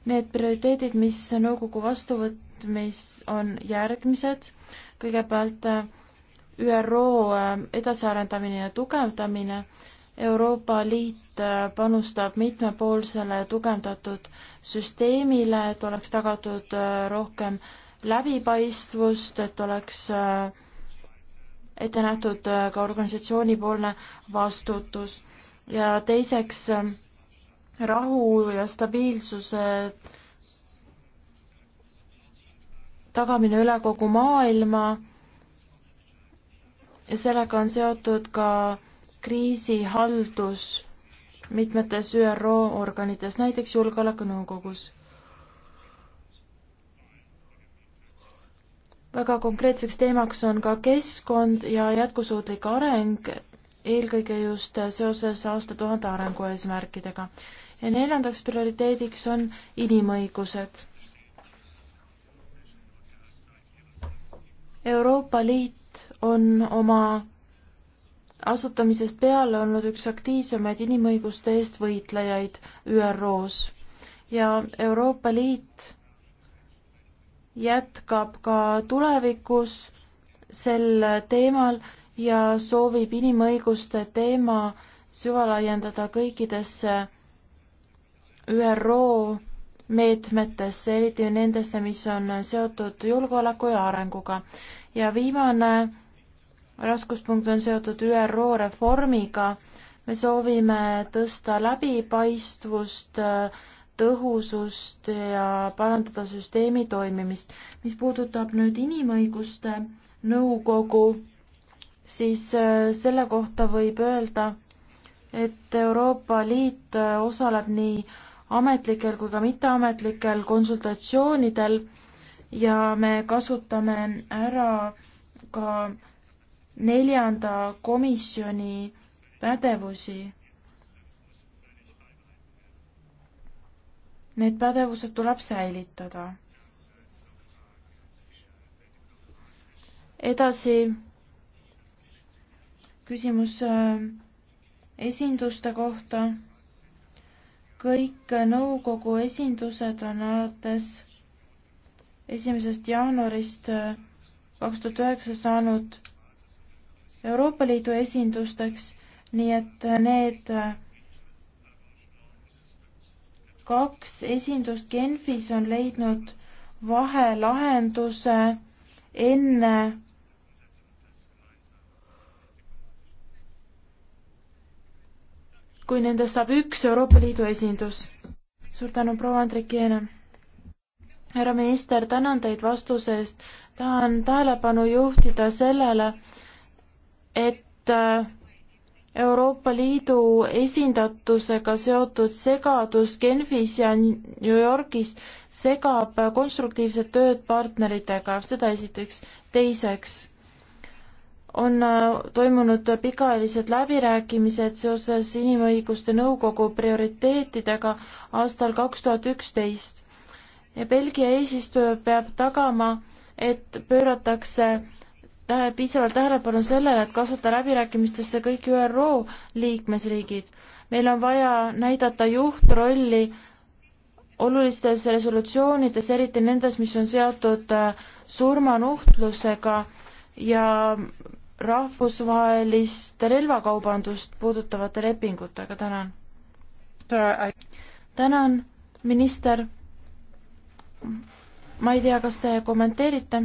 Speaker 3: Need prioriteedid, mis nõukogu vastuvõtmis on järgmised, kõigepealt äh, ÜRO äh, edasiarendamine ja tugevdamine, Euroopa Liit äh, panustab mitmepoolsele tugevdatud süsteemile, et oleks tagatud rohkem läbipaistvust, et oleks ette nähtud ka organisatsioonipoolne vastutus ja teiseks rahu ja stabiilsuse tagamine üle kogu maailma. sellega on seotud ka kriisihaldus mitmetes ÜRO organites, näiteks Julgeolekunõukogus. väga konkreetseks teemaks on ka keskkond ja jätkusuutlik areng eelkõige just seoses aastatuhande arengueesmärkidega. ja neljandaks prioriteediks on inimõigused. Euroopa Liit on oma asutamisest peale olnud üks aktiivsemaid inimõiguste eest võitlejaid ÜRO-s ja Euroopa Liit jätkab ka tulevikus sel teemal ja soovib inimõiguste teema süvalaiendada kõikidesse ÜRO meetmetesse, eriti nendesse, mis on seotud julgeoleku ja arenguga. ja viimane raskuspunkt on seotud ÜRO reformiga. me soovime tõsta läbipaistvust, tõhusust ja parandada süsteemi toimimist. mis puudutab nüüd inimõiguste nõukogu, siis äh, selle kohta võib öelda, et Euroopa Liit äh, osaleb nii ametlikel kui ka mitteametlikel konsultatsioonidel ja me kasutame ära ka neljanda komisjoni pädevusi. Need pädevused tuleb säilitada. edasi küsimus äh, esinduste kohta. kõik nõukogu esindused on alates esimesest jaanuarist äh, kaks tuhat üheksa saanud Euroopa Liidu esindusteks, nii et äh, need kaks esindust Genfis on leidnud vahelahenduse enne kui nendest saab üks Euroopa Liidu esindus. suur tänu, proua Andrek Jeene. härra minister, tänan teid vastuse eest. tahan tähelepanu juhtida sellele, et äh, Euroopa Liidu esindatusega seotud segadus Genfis ja New Yorgis segab konstruktiivset tööd partneritega, seda esiteks. teiseks on äh, toimunud pikaajalised läbirääkimised seoses Inimõiguste Nõukogu prioriteetidega aastal kaks tuhat üksteist ja Belgia eesistuja peab tagama, et pööratakse tähe, piisavalt tähelepanu sellele, et kaasata läbirääkimistesse kõik ÜRO liikmesriigid. meil on vaja näidata juhtrolli olulistes resolutsioonides, eriti nendes, mis on seotud äh, surmanuhtlusega ja rahvusvahelist relvakaubandust puudutavate lepingutega, tänan. tänan, minister. ma ei tea, kas te kommenteerite?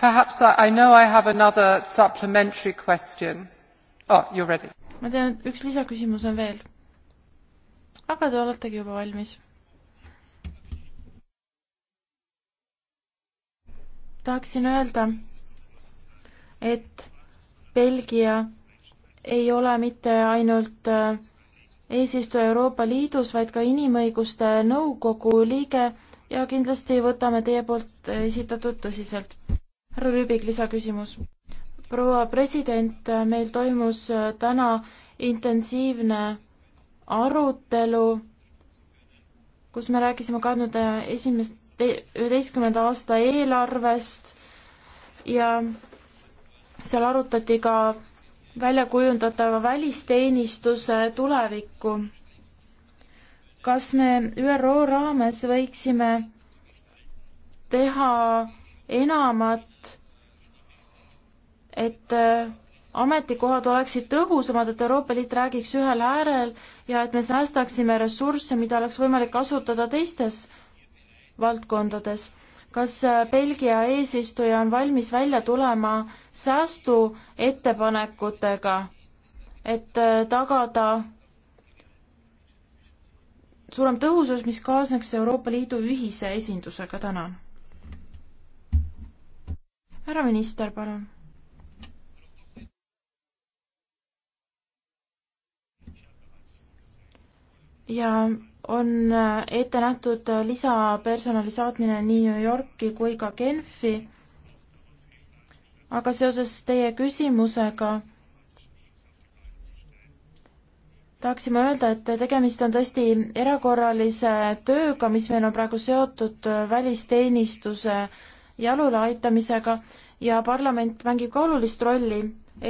Speaker 4: perhaps i know i have another supplementary question oh you are ready
Speaker 3: ma tean üks lisaküsimus on veel aga te oletegi juba valmis. tahaksin öelda, et Belgia ei ole mitte ainult äh, eesistuja Euroopa Liidus, vaid ka Inimõiguste Nõukogu liige ja kindlasti võtame teie poolt äh, esitatud tõsiselt. härra Rüübik, lisaküsimus. proua president, äh, meil toimus täna intensiivne arutelu, kus me rääkisime kahekümne esimest, üheteistkümnenda aasta eelarvest ja seal arutati ka välja kujundatava välisteenistuse tulevikku. kas me ÜRO raames võiksime teha enamat, et ametikohad oleksid tõhusamad, et Euroopa Liit räägiks ühel äärel ja et me säästaksime ressursse, mida oleks võimalik kasutada teistes valdkondades. kas äh, Belgia eesistuja on valmis välja tulema säästuettepanekutega, et äh, tagada suurem tõhusus, mis kaasneks Euroopa Liidu ühise esindusega, tänan. härra minister, palun ja on äh, ette nähtud äh, lisapersonali saatmine nii New Yorki kui ka Genfi. aga seoses teie küsimusega tahaksime öelda, et tegemist on tõesti erakorralise tööga, mis meil on praegu seotud äh, välisteenistuse jalule aitamisega ja parlament mängib ka olulist rolli,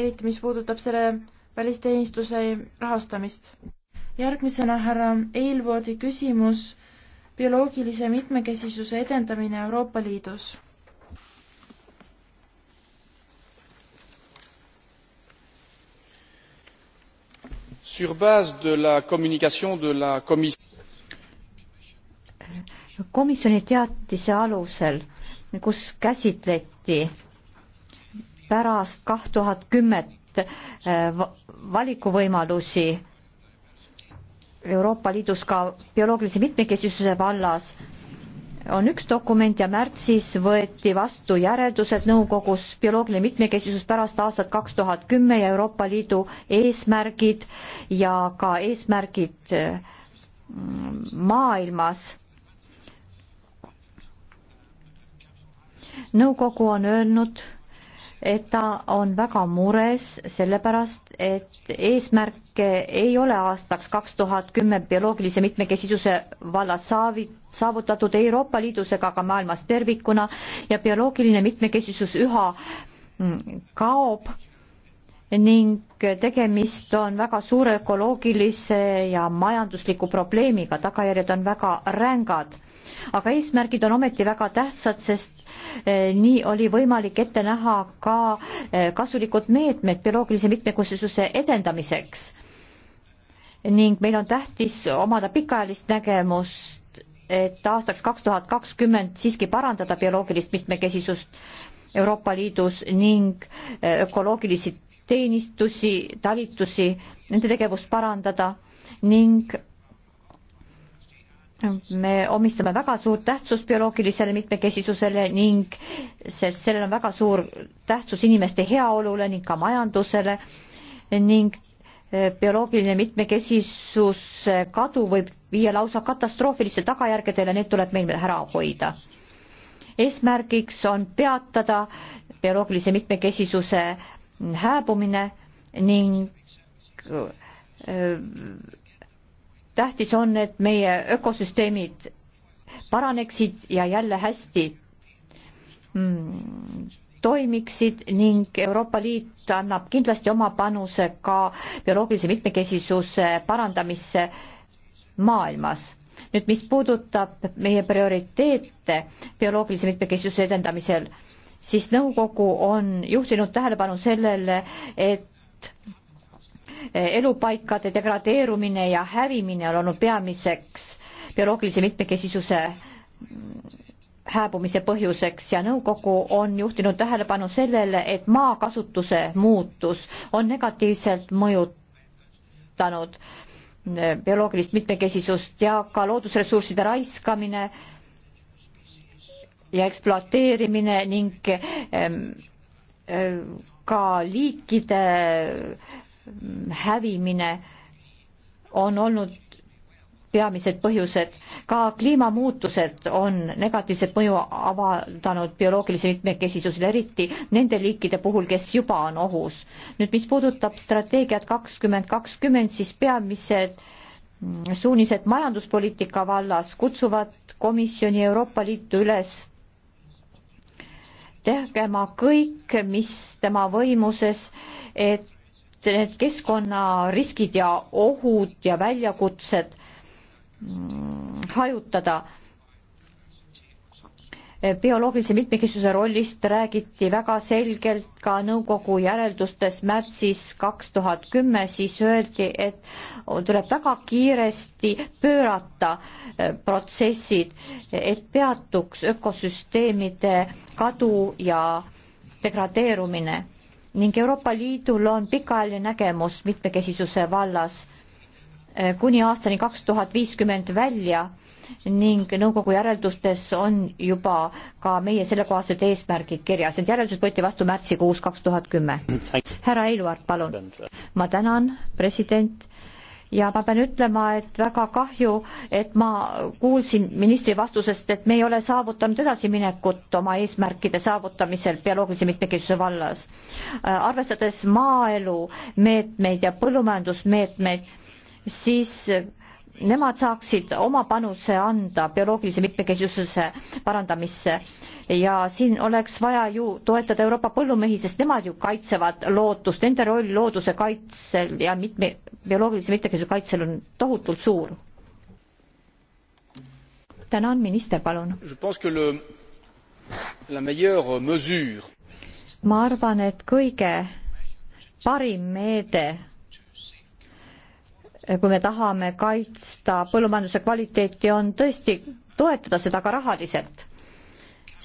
Speaker 3: eriti mis puudutab selle välisteenistuse rahastamist järgmisena härra Eilvoodi küsimus, bioloogilise mitmekesisuse edendamine Euroopa Liidus.
Speaker 2: Sur base de la communication de la commission
Speaker 1: komisjoni teatise alusel, kus käsitleti pärast kaht tuhat kümmet eh, valikuvõimalusi Euroopa Liidus ka bioloogilise mitmekesisuse vallas on üks dokument ja märtsis võeti vastu järeldused nõukogus bioloogiline mitmekesisus pärast aastat kaks tuhat kümme ja Euroopa Liidu eesmärgid ja ka eesmärgid mm, maailmas. nõukogu on öelnud, et ta on väga mures sellepärast, et eesmärke ei ole aastaks kaks tuhat kümme bioloogilise mitmekesisuse vallas saavit-, saavutatud Euroopa Liidus ega ka maailmas tervikuna ja bioloogiline mitmekesisus üha mm, kaob ning tegemist on väga suure ökoloogilise ja majandusliku probleemiga, tagajärjed on väga rängad aga eesmärgid on ometi väga tähtsad, sest eh, nii oli võimalik ette näha ka eh, kasulikud meetmed bioloogilise mitmekesisuse edendamiseks. ning meil on tähtis omada pikaajalist nägemust, et aastaks kaks tuhat kakskümmend siiski parandada bioloogilist mitmekesisust Euroopa Liidus ning eh, ökoloogilisi teenistusi, talitusi, nende tegevust parandada ning me omistame väga suurt tähtsust bioloogilisele mitmekesisusele ning sest sellel on väga suur tähtsus inimeste heaolule ning ka majandusele ning eh, bioloogiline mitmekesisus eh, kadu võib viia lausa katastroofiliste tagajärgedele, need tuleb meil ära hoida. eesmärgiks on peatada bioloogilise mitmekesisuse hääbumine ning öö, eh, tähtis on, et meie ökosüsteemid paraneksid ja jälle hästi mm, toimiksid ning Euroopa Liit annab kindlasti oma panuse ka bioloogilise mitmekesisuse parandamisse maailmas. nüüd, mis puudutab meie prioriteete bioloogilise mitmekesisuse edendamisel, siis nõukogu on juhtinud tähelepanu sellele, et elupaikade degradeerumine ja hävimine on olnud peamiseks bioloogilise mitmekesisuse hääbumise põhjuseks ja nõukogu on juhtinud tähelepanu sellele, et maakasutuse muutus on negatiivselt mõjutanud bioloogilist mitmekesisust ja ka loodusressursside raiskamine ja ekspluateerimine ning ehm, ehm, ka liikide hävimine on olnud peamised põhjused. ka kliimamuutused on negatiivset mõju avaldanud bioloogilise mitmekesisusele, eriti nende liikide puhul, kes juba on ohus. nüüd, mis puudutab strateegiat kakskümmend kakskümmend, siis peamised suunised majanduspoliitika vallas kutsuvad komisjoni Euroopa Liitu üles tegema kõik, mis tema võimuses, et need keskkonnariskid ja ohud ja väljakutsed mm, hajutada. bioloogilise mitmekesisuse rollist räägiti väga selgelt ka nõukogu järeldustes märtsis kaks tuhat kümme, siis öeldi, et tuleb väga kiiresti pöörata eh, protsessid, et peatuks ökosüsteemide kadu ja degradeerumine ning Euroopa Liidul on pikaajaline nägemus mitmekesisuse vallas eh, kuni aastani kaks tuhat viiskümmend välja ning nõukogu järeldustes on juba ka meie sellekohased eesmärgid kirjas. Need järeldused võeti vastu märtsikuus kaks tuhat kümme. härra Eiluart, palun. ma tänan, president ja ma pean ütlema, et väga kahju, et ma kuulsin ministri vastusest, et me ei ole saavutanud edasiminekut oma eesmärkide saavutamisel bioloogilise mitmekesisuse vallas. Äh, arvestades maaelu meetmeid ja põllumajandusmeetmeid, siis nemad saaksid oma panuse anda bioloogilise mitmekesisuse parandamisse ja siin oleks vaja ju toetada Euroopa põllumehi, sest nemad ju kaitsevad loodust, nende roll looduse kaitsel ja mitme, bioloogilise mitmekesisuse kaitsel on tohutult suur. tänan, minister, palun. ma arvan, et kõige parim meede kui me tahame kaitsta põllumajanduse kvaliteeti, on tõesti toetada seda ka rahaliselt,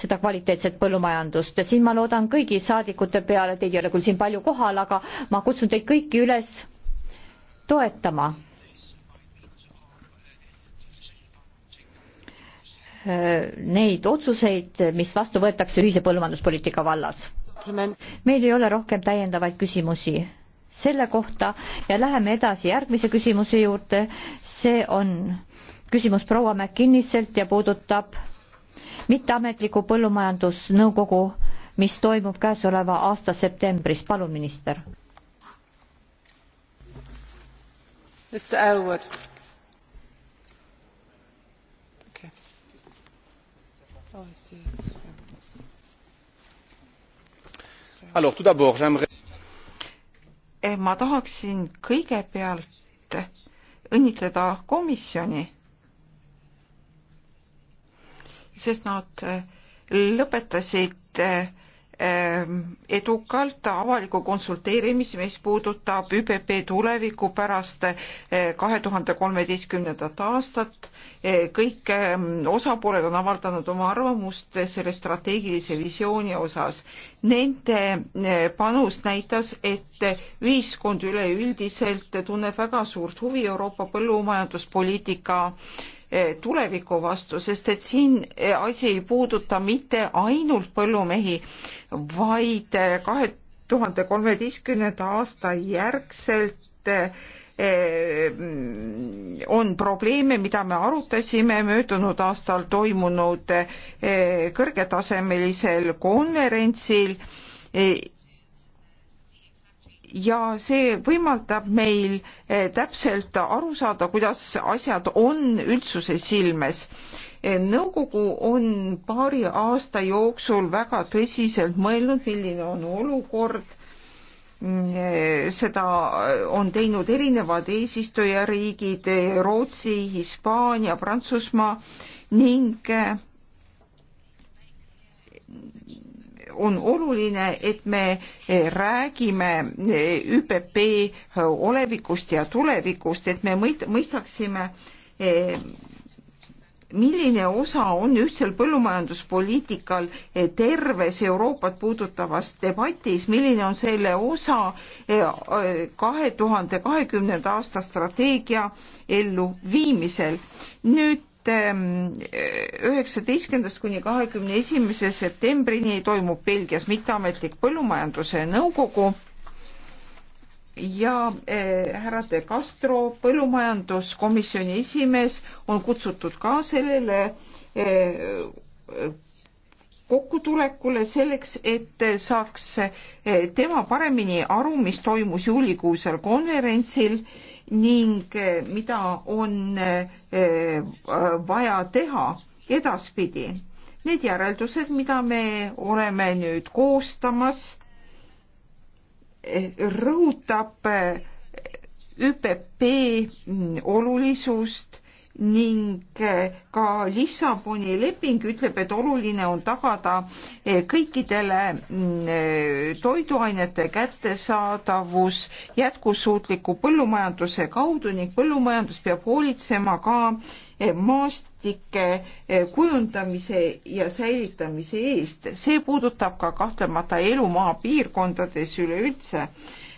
Speaker 1: seda kvaliteetset põllumajandust ja siin ma loodan kõigi saadikute peale, teid ei ole küll siin palju kohal, aga ma kutsun teid kõiki üles toetama neid otsuseid, mis vastu võetakse ühise põllumajanduspoliitika vallas. meil ei ole rohkem täiendavaid küsimusi selle kohta ja läheme edasi järgmise küsimuse juurde. see on küsimus proua McKinniselt ja puudutab mitteametliku põllumajandusnõukogu, mis toimub käesoleva aasta septembris. palun, minister.
Speaker 3: Mr Elwood. Okay. Oh,
Speaker 2: Alors tout d'abord, j'aimerais
Speaker 4: Eh, ma tahaksin kõigepealt õnnitleda komisjoni, sest nad eh, lõpetasid eh, Ähm, edukalt avaliku konsulteerimisi, mis puudutab ÜPP tuleviku pärast äh, kahe tuhande kolmeteistkümnendat aastat. Äh, kõik ähm, osapooled on avaldanud oma arvamust selle strateegilise visiooni osas. Nende äh, panus näitas, et ühiskond üleüldiselt tunneb väga suurt huvi Euroopa põllumajanduspoliitika Eh, tuleviku vastu, sest et siin eh, asi ei puuduta mitte ainult põllumehi, vaid eh, kahe tuhande kolmeteistkümnenda aasta järgselt on probleeme, mida me arutasime möödunud aastal toimunud kõrgetasemelisel konverentsil ja see võimaldab meil eh, täpselt aru saada, kuidas asjad on üldsuse silmes. Eh, nõukogu on paari aasta jooksul väga tõsiselt mõelnud, milline on olukord mm, eh, seda on teinud erinevad eesistujariigid Rootsi, Hispaania, Prantsusmaa ning on oluline, et me eh, räägime eh, ÜPP eh, olevikust ja tulevikust, et me mõistaksime milline osa on ühtsel põllumajanduspoliitikal terves Euroopat puudutavas debatis, milline on selle osa kahe tuhande kahekümnenda aasta strateegia elluviimisel. nüüd et ehm, üheksateistkümnendast kuni kahekümne esimese septembrini toimub Belgias mitteametlik põllumajanduse nõukogu ja eh, härra De Castro, põllumajanduskomisjoni esimees, on kutsutud ka sellele eh, kokkutulekule selleks, et saaks eh, tema paremini aru, mis toimus juulikuusel konverentsil ning eh, mida on eh, eh, vaja teha edaspidi. Need järeldused, mida me oleme nüüd koostamas, rõhutab ÜPP mm, olulisust ning eh, ka Lissaboni leping ütleb, et oluline on tagada eh, kõikidele mm, eh, toiduainete kättesaadavus jätkusuutliku põllumajanduse kaudu ning põllumajandus peab hoolitsema ka maastike kujundamise ja säilitamise eest. see puudutab ka kahtlemata elu maapiirkondades üleüldse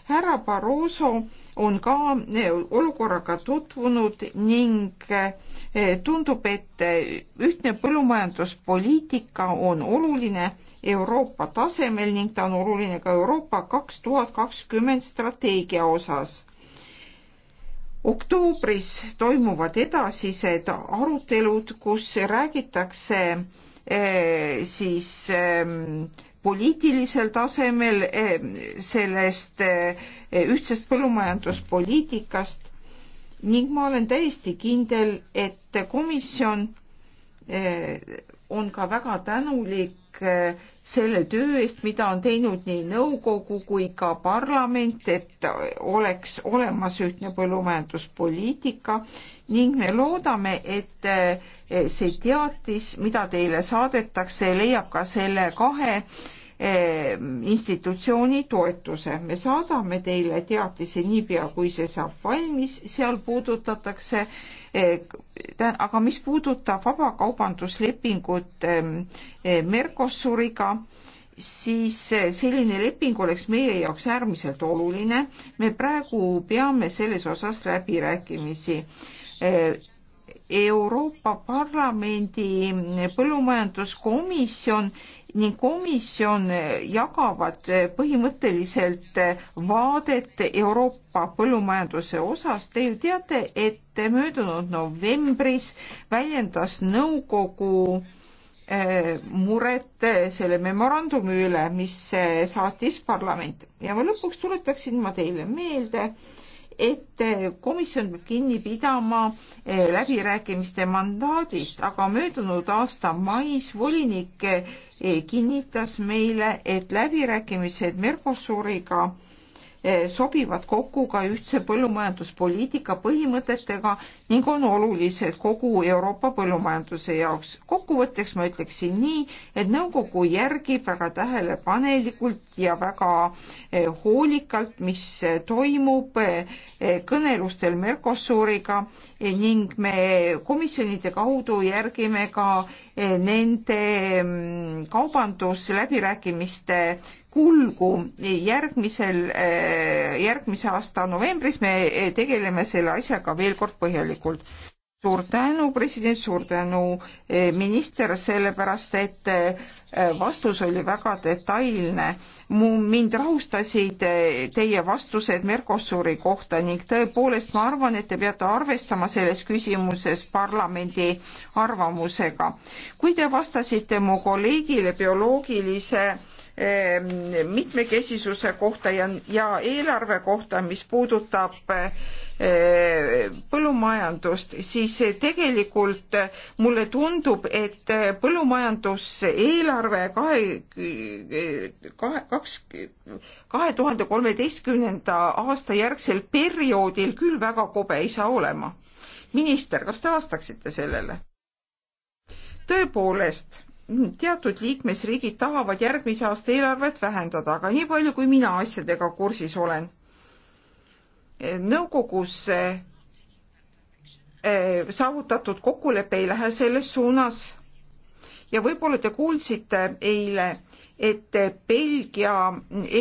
Speaker 4: härra Barroso on ka eh, olukorraga tutvunud ning eh, tundub, et eh, ühtne põllumajanduspoliitika on oluline Euroopa tasemel ning ta on oluline ka Euroopa kaks tuhat kakskümmend strateegia osas oktoobris toimuvad edasised arutelud, kus räägitakse siis ehm, poliitilisel tasemel, eh, sellest eh, ühtsest põllumajanduspoliitikast ning ma olen täiesti kindel, et komisjon eh, on ka väga tänulik Eh, selle töö eest, mida on teinud nii nõukogu kui ka parlament, et oleks olemas ühtne põllumajanduspoliitika ning me loodame, et eh, see teatis, mida teile saadetakse, leiab ka selle kahe Eh, institutsiooni toetuse. me saadame teile teatise niipea, kui see saab valmis, seal puudutatakse, eh, aga mis puudutab vabakaubanduslepingut eh, Mercosuriga, siis selline leping oleks meie jaoks äärmiselt oluline. me praegu peame selles osas läbirääkimisi. Euroopa Parlamendi põllumajanduskomisjon ning komisjon jagavad põhimõtteliselt vaadet Euroopa põllumajanduse osas. Te ju teate, et möödunud novembris väljendas nõukogu eh, muret selle memorandumi üle, mis eh, saatis parlament ja ma lõpuks tuletaksin ma teile meelde, et komisjon peab kinni pidama eh, läbirääkimiste mandaadist, aga möödunud aasta mais volinik eh, kinnitas meile, et läbirääkimised Mercosuriga Eh, sobivad kokku ka ühtse põllumajanduspoliitika põhimõtetega ning on olulised kogu Euroopa põllumajanduse jaoks. kokkuvõtteks ma ütleksin nii, et nõukogu järgib väga tähelepanelikult ja väga eh, hoolikalt, mis eh, toimub kõnelustel Mercosuriga ning me komisjonide kaudu järgime ka nende mm, kaubandusläbirääkimiste kulgu järgmisel, eh, järgmise aasta novembris me eh, tegeleme selle asjaga veel kord põhjalikult. suur tänu, president, suur tänu, eh, minister, sellepärast et vastus oli väga detailne. mu, mind rahustasid teie vastused Mercosuri kohta ning tõepoolest ma arvan, et te peate arvestama selles küsimuses parlamendi arvamusega. kui te vastasite mu kolleegile bioloogilise äh, Ehm, mitmekesisuse kohta ja, ja eelarve kohta, mis puudutab ehm, põllumajandust, siis tegelikult mulle tundub, et põllumajanduseelarve kahe, kahe, kaks, kahe tuhande kolmeteistkümnenda aasta järgsel perioodil küll väga kobe ei saa olema. minister, kas te vastaksite sellele? tõepoolest teatud liikmesriigid tahavad järgmise aasta eelarvet vähendada, aga nii palju, kui mina asjadega kursis olen, eh, nõukogus eh, eh, saavutatud kokkulepe ei lähe selles suunas ja võib-olla te kuulsite eile, et Belgia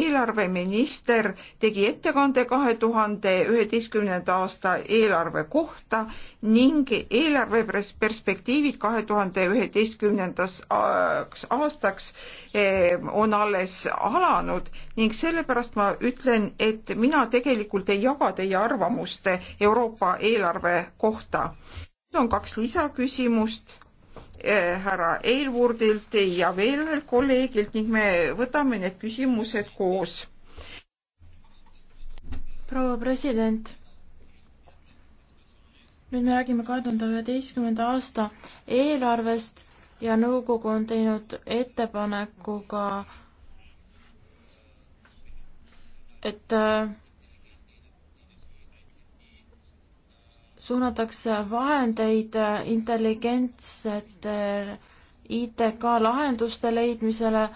Speaker 4: eelarveminister tegi ettekande kahe tuhande üheteistkümnenda aasta eelarve kohta ning eelarve perspektiivid kahe tuhande üheteistkümnendaks aastaks eh, on alles alanud ning sellepärast ma ütlen, et mina tegelikult ei jaga teie arvamust Euroopa eelarve kohta. on kaks lisaküsimust Eh, härra Eilvurdilt ja veel ühelt kolleegilt ning me võtame need küsimused koos.
Speaker 3: proua president, nüüd me räägime kahe tuhande üheteistkümnenda aasta eelarvest ja nõukogu on teinud ettepaneku ka, et äh, suunatakse vahendeid äh, intelligentsete äh, ITK lahenduste leidmisele,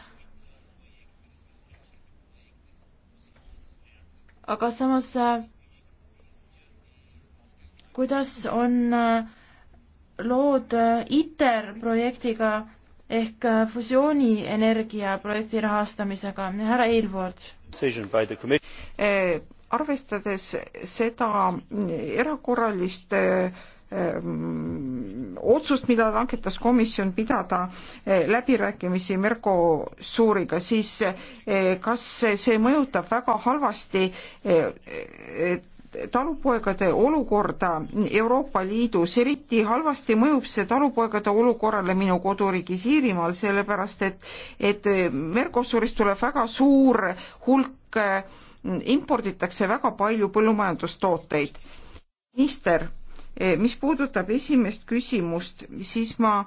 Speaker 3: aga samas äh, kuidas on lood ITER projektiga ehk fusioonienergia
Speaker 4: projekti rahastamisega, härra Eilvord? arvestades seda erakorralist ehm, otsust, mida langetas komisjon pidada eh, läbirääkimisi Mercosuriga, siis eh, kas see mõjutab väga halvasti eh, talupoegade olukorda Euroopa Liidus, eriti halvasti mõjub see talupoegade olukorrale minu koduriigis Iirimaal, sellepärast et, et Mercosurist tuleb väga suur hulk imporditakse väga palju põllumajandustooteid. minister, eh, mis puudutab esimest küsimust, siis ma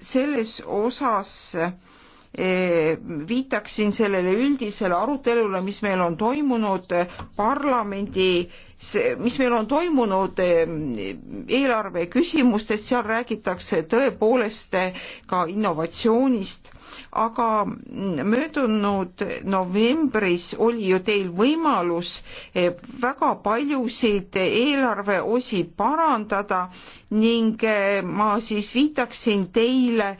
Speaker 4: selles osas eh, viitaksin sellele üldisele arutelule, mis meil on toimunud eh, parlamendi see, mis meil on toimunud ehm, eelarve küsimustes, seal räägitakse tõepoolest eh, ka innovatsioonist, aga möödunud novembris oli ju teil võimalus eh, väga paljusid eelarveosi parandada ning eh, ma siis viitaksin teile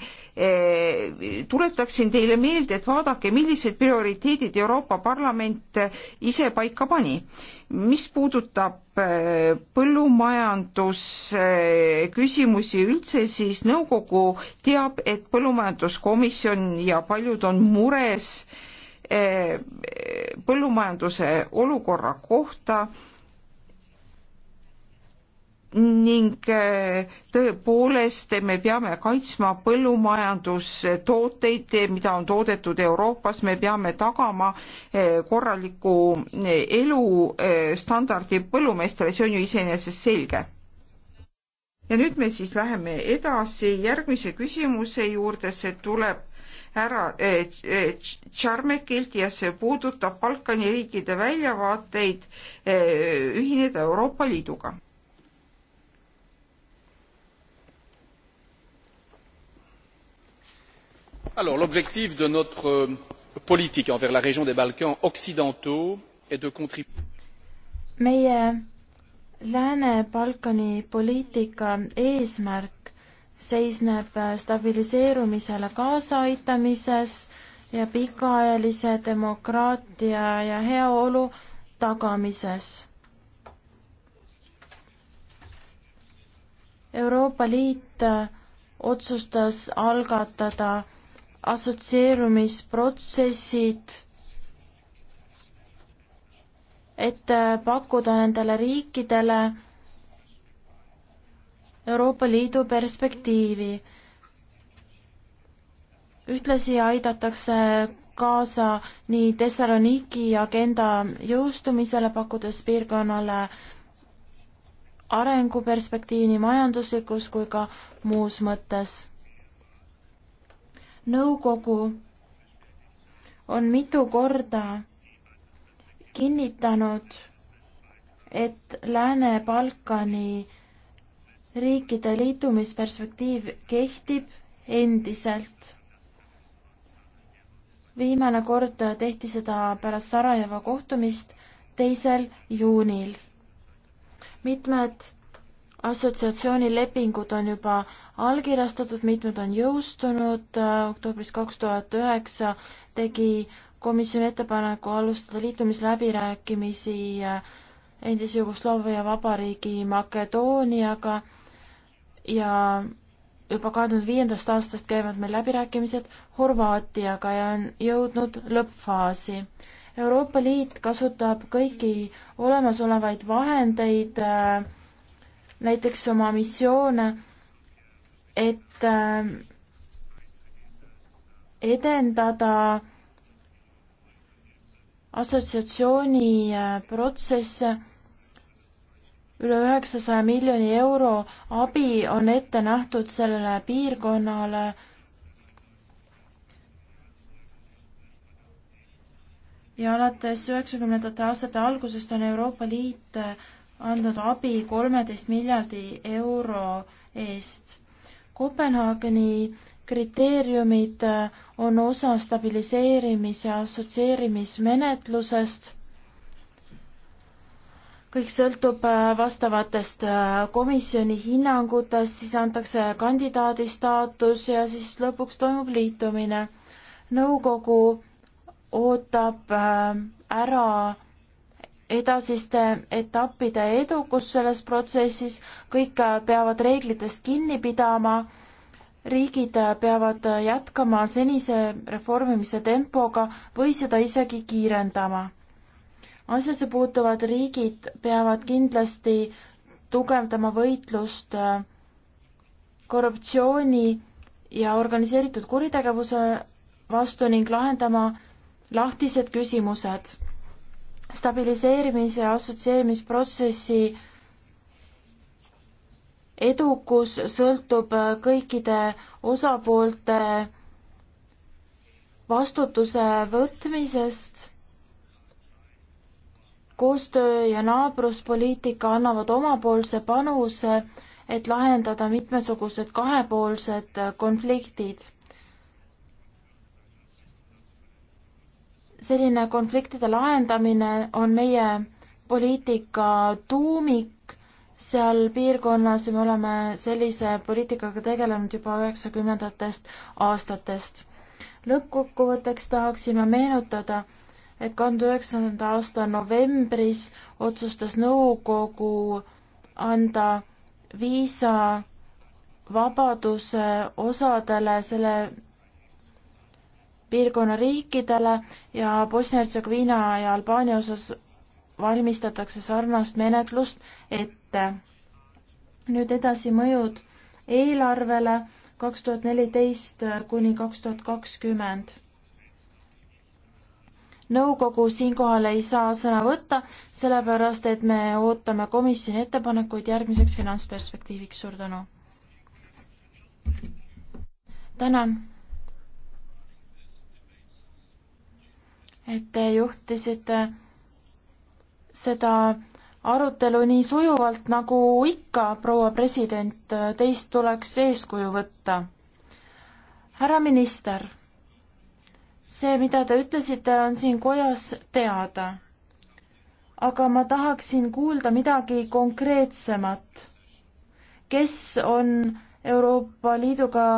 Speaker 4: tuletaksin teile meelde, et vaadake, millised prioriteedid Euroopa Parlament ise paika pani mis puudutab eh, põllumajandusküsimusi eh, üldse, siis nõukogu teab, et põllumajanduskomisjon ja paljud on mures eh, põllumajanduse olukorra kohta ning eh, tõepoolest me peame kaitsma põllumajandustooteid, mida on toodetud Euroopas, me peame tagama eh, korraliku eh, elustandardi põllumeestele, see on ju iseenesest selge. ja nüüd me siis läheme edasi järgmise küsimuse juurde, see tuleb härra Tšarmekilt ja see puudutab Balkani riikide väljavaateid ühineda Euroopa Liiduga
Speaker 2: l'objectif de notre euh, politique envers la région des balkans occidentaux est de contribuer
Speaker 3: meie Lääne-Balkani poliitika eesmärk seisneb stabiliseerumisele kaasaaitamises ja pikaajalise demokraatia ja heaolu tagamises. Euroopa Liit otsustas algatada assotsieerumisprotsessid, et pakkuda nendele riikidele Euroopa Liidu perspektiivi. ühtlasi aidatakse kaasa nii Thessaloniki agenda jõustumisele, pakkudes piirkonnale arenguperspektiivi nii majanduslikus kui ka muus mõttes nõukogu on mitu korda kinnitanud, et Lääne-Balkani riikide liitumisperspektiiv kehtib endiselt. viimane kord tehti seda pärast Sarajeva kohtumist teisel juunil. mitmed assotsiatsioonilepingud on juba allkirjastatud, mitmed on jõustunud, oktoobris kaks tuhat üheksa tegi komisjon ettepaneku alustada liitumisläbirääkimisi endise Jugoslaavia vabariigi Makedooniaga ja juba kahe tuhande viiendast aastast käivad meil läbirääkimised Horvaatiaga ja on jõudnud lõppfaasi. Euroopa Liit kasutab kõiki olemasolevaid vahendeid äh, näiteks oma missioone, et ähm, edendada assotsiatsiooni äh, protsesse üle üheksasaja miljoni euro abi on ette nähtud sellele piirkonnale. ja alates üheksakümnendate aastate algusest on Euroopa Liit äh, andnud abi kolmeteist miljardi euro eest. Kopenhaageni kriteeriumid äh, on osa stabiliseerimis- ja assotsieerimismenetlusest. kõik sõltub äh, vastavatest äh, komisjoni hinnangutest, siis antakse kandidaadi staatus ja siis lõpuks toimub liitumine. nõukogu ootab ära edasiste etappide edukus selles protsessis, kõik peavad reeglitest kinni pidama, riigid peavad jätkama senise reformimise tempoga või seda isegi kiirendama. asjasse puutuvad riigid peavad kindlasti tugevdama võitlust äh, korruptsiooni ja organiseeritud kuritegevuse vastu ning lahendama lahtised küsimused stabiliseerimis- ja assotsieerimisprotsessi edukus sõltub äh, kõikide osapoolte vastutuse võtmisest. koostöö ja naabruspoliitika annavad omapoolse panuse, et lahendada mitmesugused kahepoolsed äh, konfliktid selline konfliktide lahendamine on meie poliitika tuumik seal piirkonnas ja me oleme sellise poliitikaga tegelenud juba üheksakümnendatest aastatest. lõppkokkuvõtteks tahaksime meenutada, et kahekümne üheksanda aasta novembris otsustas nõukogu anda viisa vabaduse osadele selle piirkonna riikidele ja Bosnia-Hertsegoviina ja Albaania osas valmistatakse sarnast menetlust ette. nüüd edasi mõjud eelarvele kaks tuhat neliteist kuni kaks tuhat kakskümmend. nõukogu siinkohal ei saa sõna võtta, sellepärast et me ootame komisjoni ettepanekuid järgmiseks finantsperspektiiviks, suur tänu! tänan! et te juhtisite seda arutelu nii sujuvalt nagu ikka, proua president, teist tuleks eeskuju võtta. härra minister, see, mida te ütlesite, on siin kojas teada. aga ma tahaksin kuulda midagi konkreetsemat. kes on Euroopa Liiduga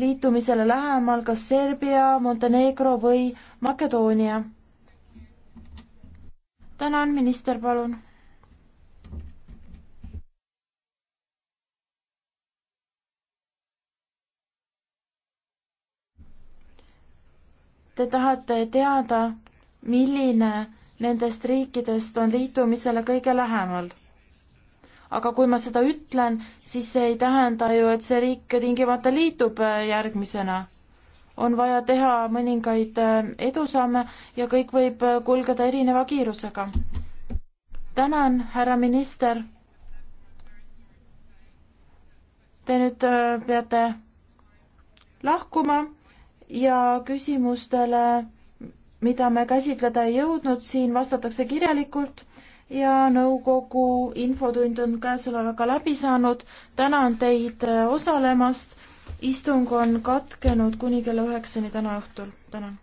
Speaker 3: liitumisele lähemal kas Serbia, Montenegro või Makedoonia. tänan, minister, palun. Te tahate teada, milline nendest riikidest on liitumisele kõige lähemal? aga kui ma seda ütlen, siis see ei tähenda ju, et see riik tingimata liitub äh, järgmisena. on vaja teha mõningaid äh, edusamme ja kõik võib äh, kulgeda erineva kiirusega. tänan, härra minister. Te nüüd peate lahkuma ja küsimustele, mida me käsitleda ei jõudnud, siin vastatakse kirjalikult ja nõukogu infotund on käesolevaga läbi saanud. tänan teid äh, osalemast. istung on katkenud kuni kella üheksani täna õhtul. tänan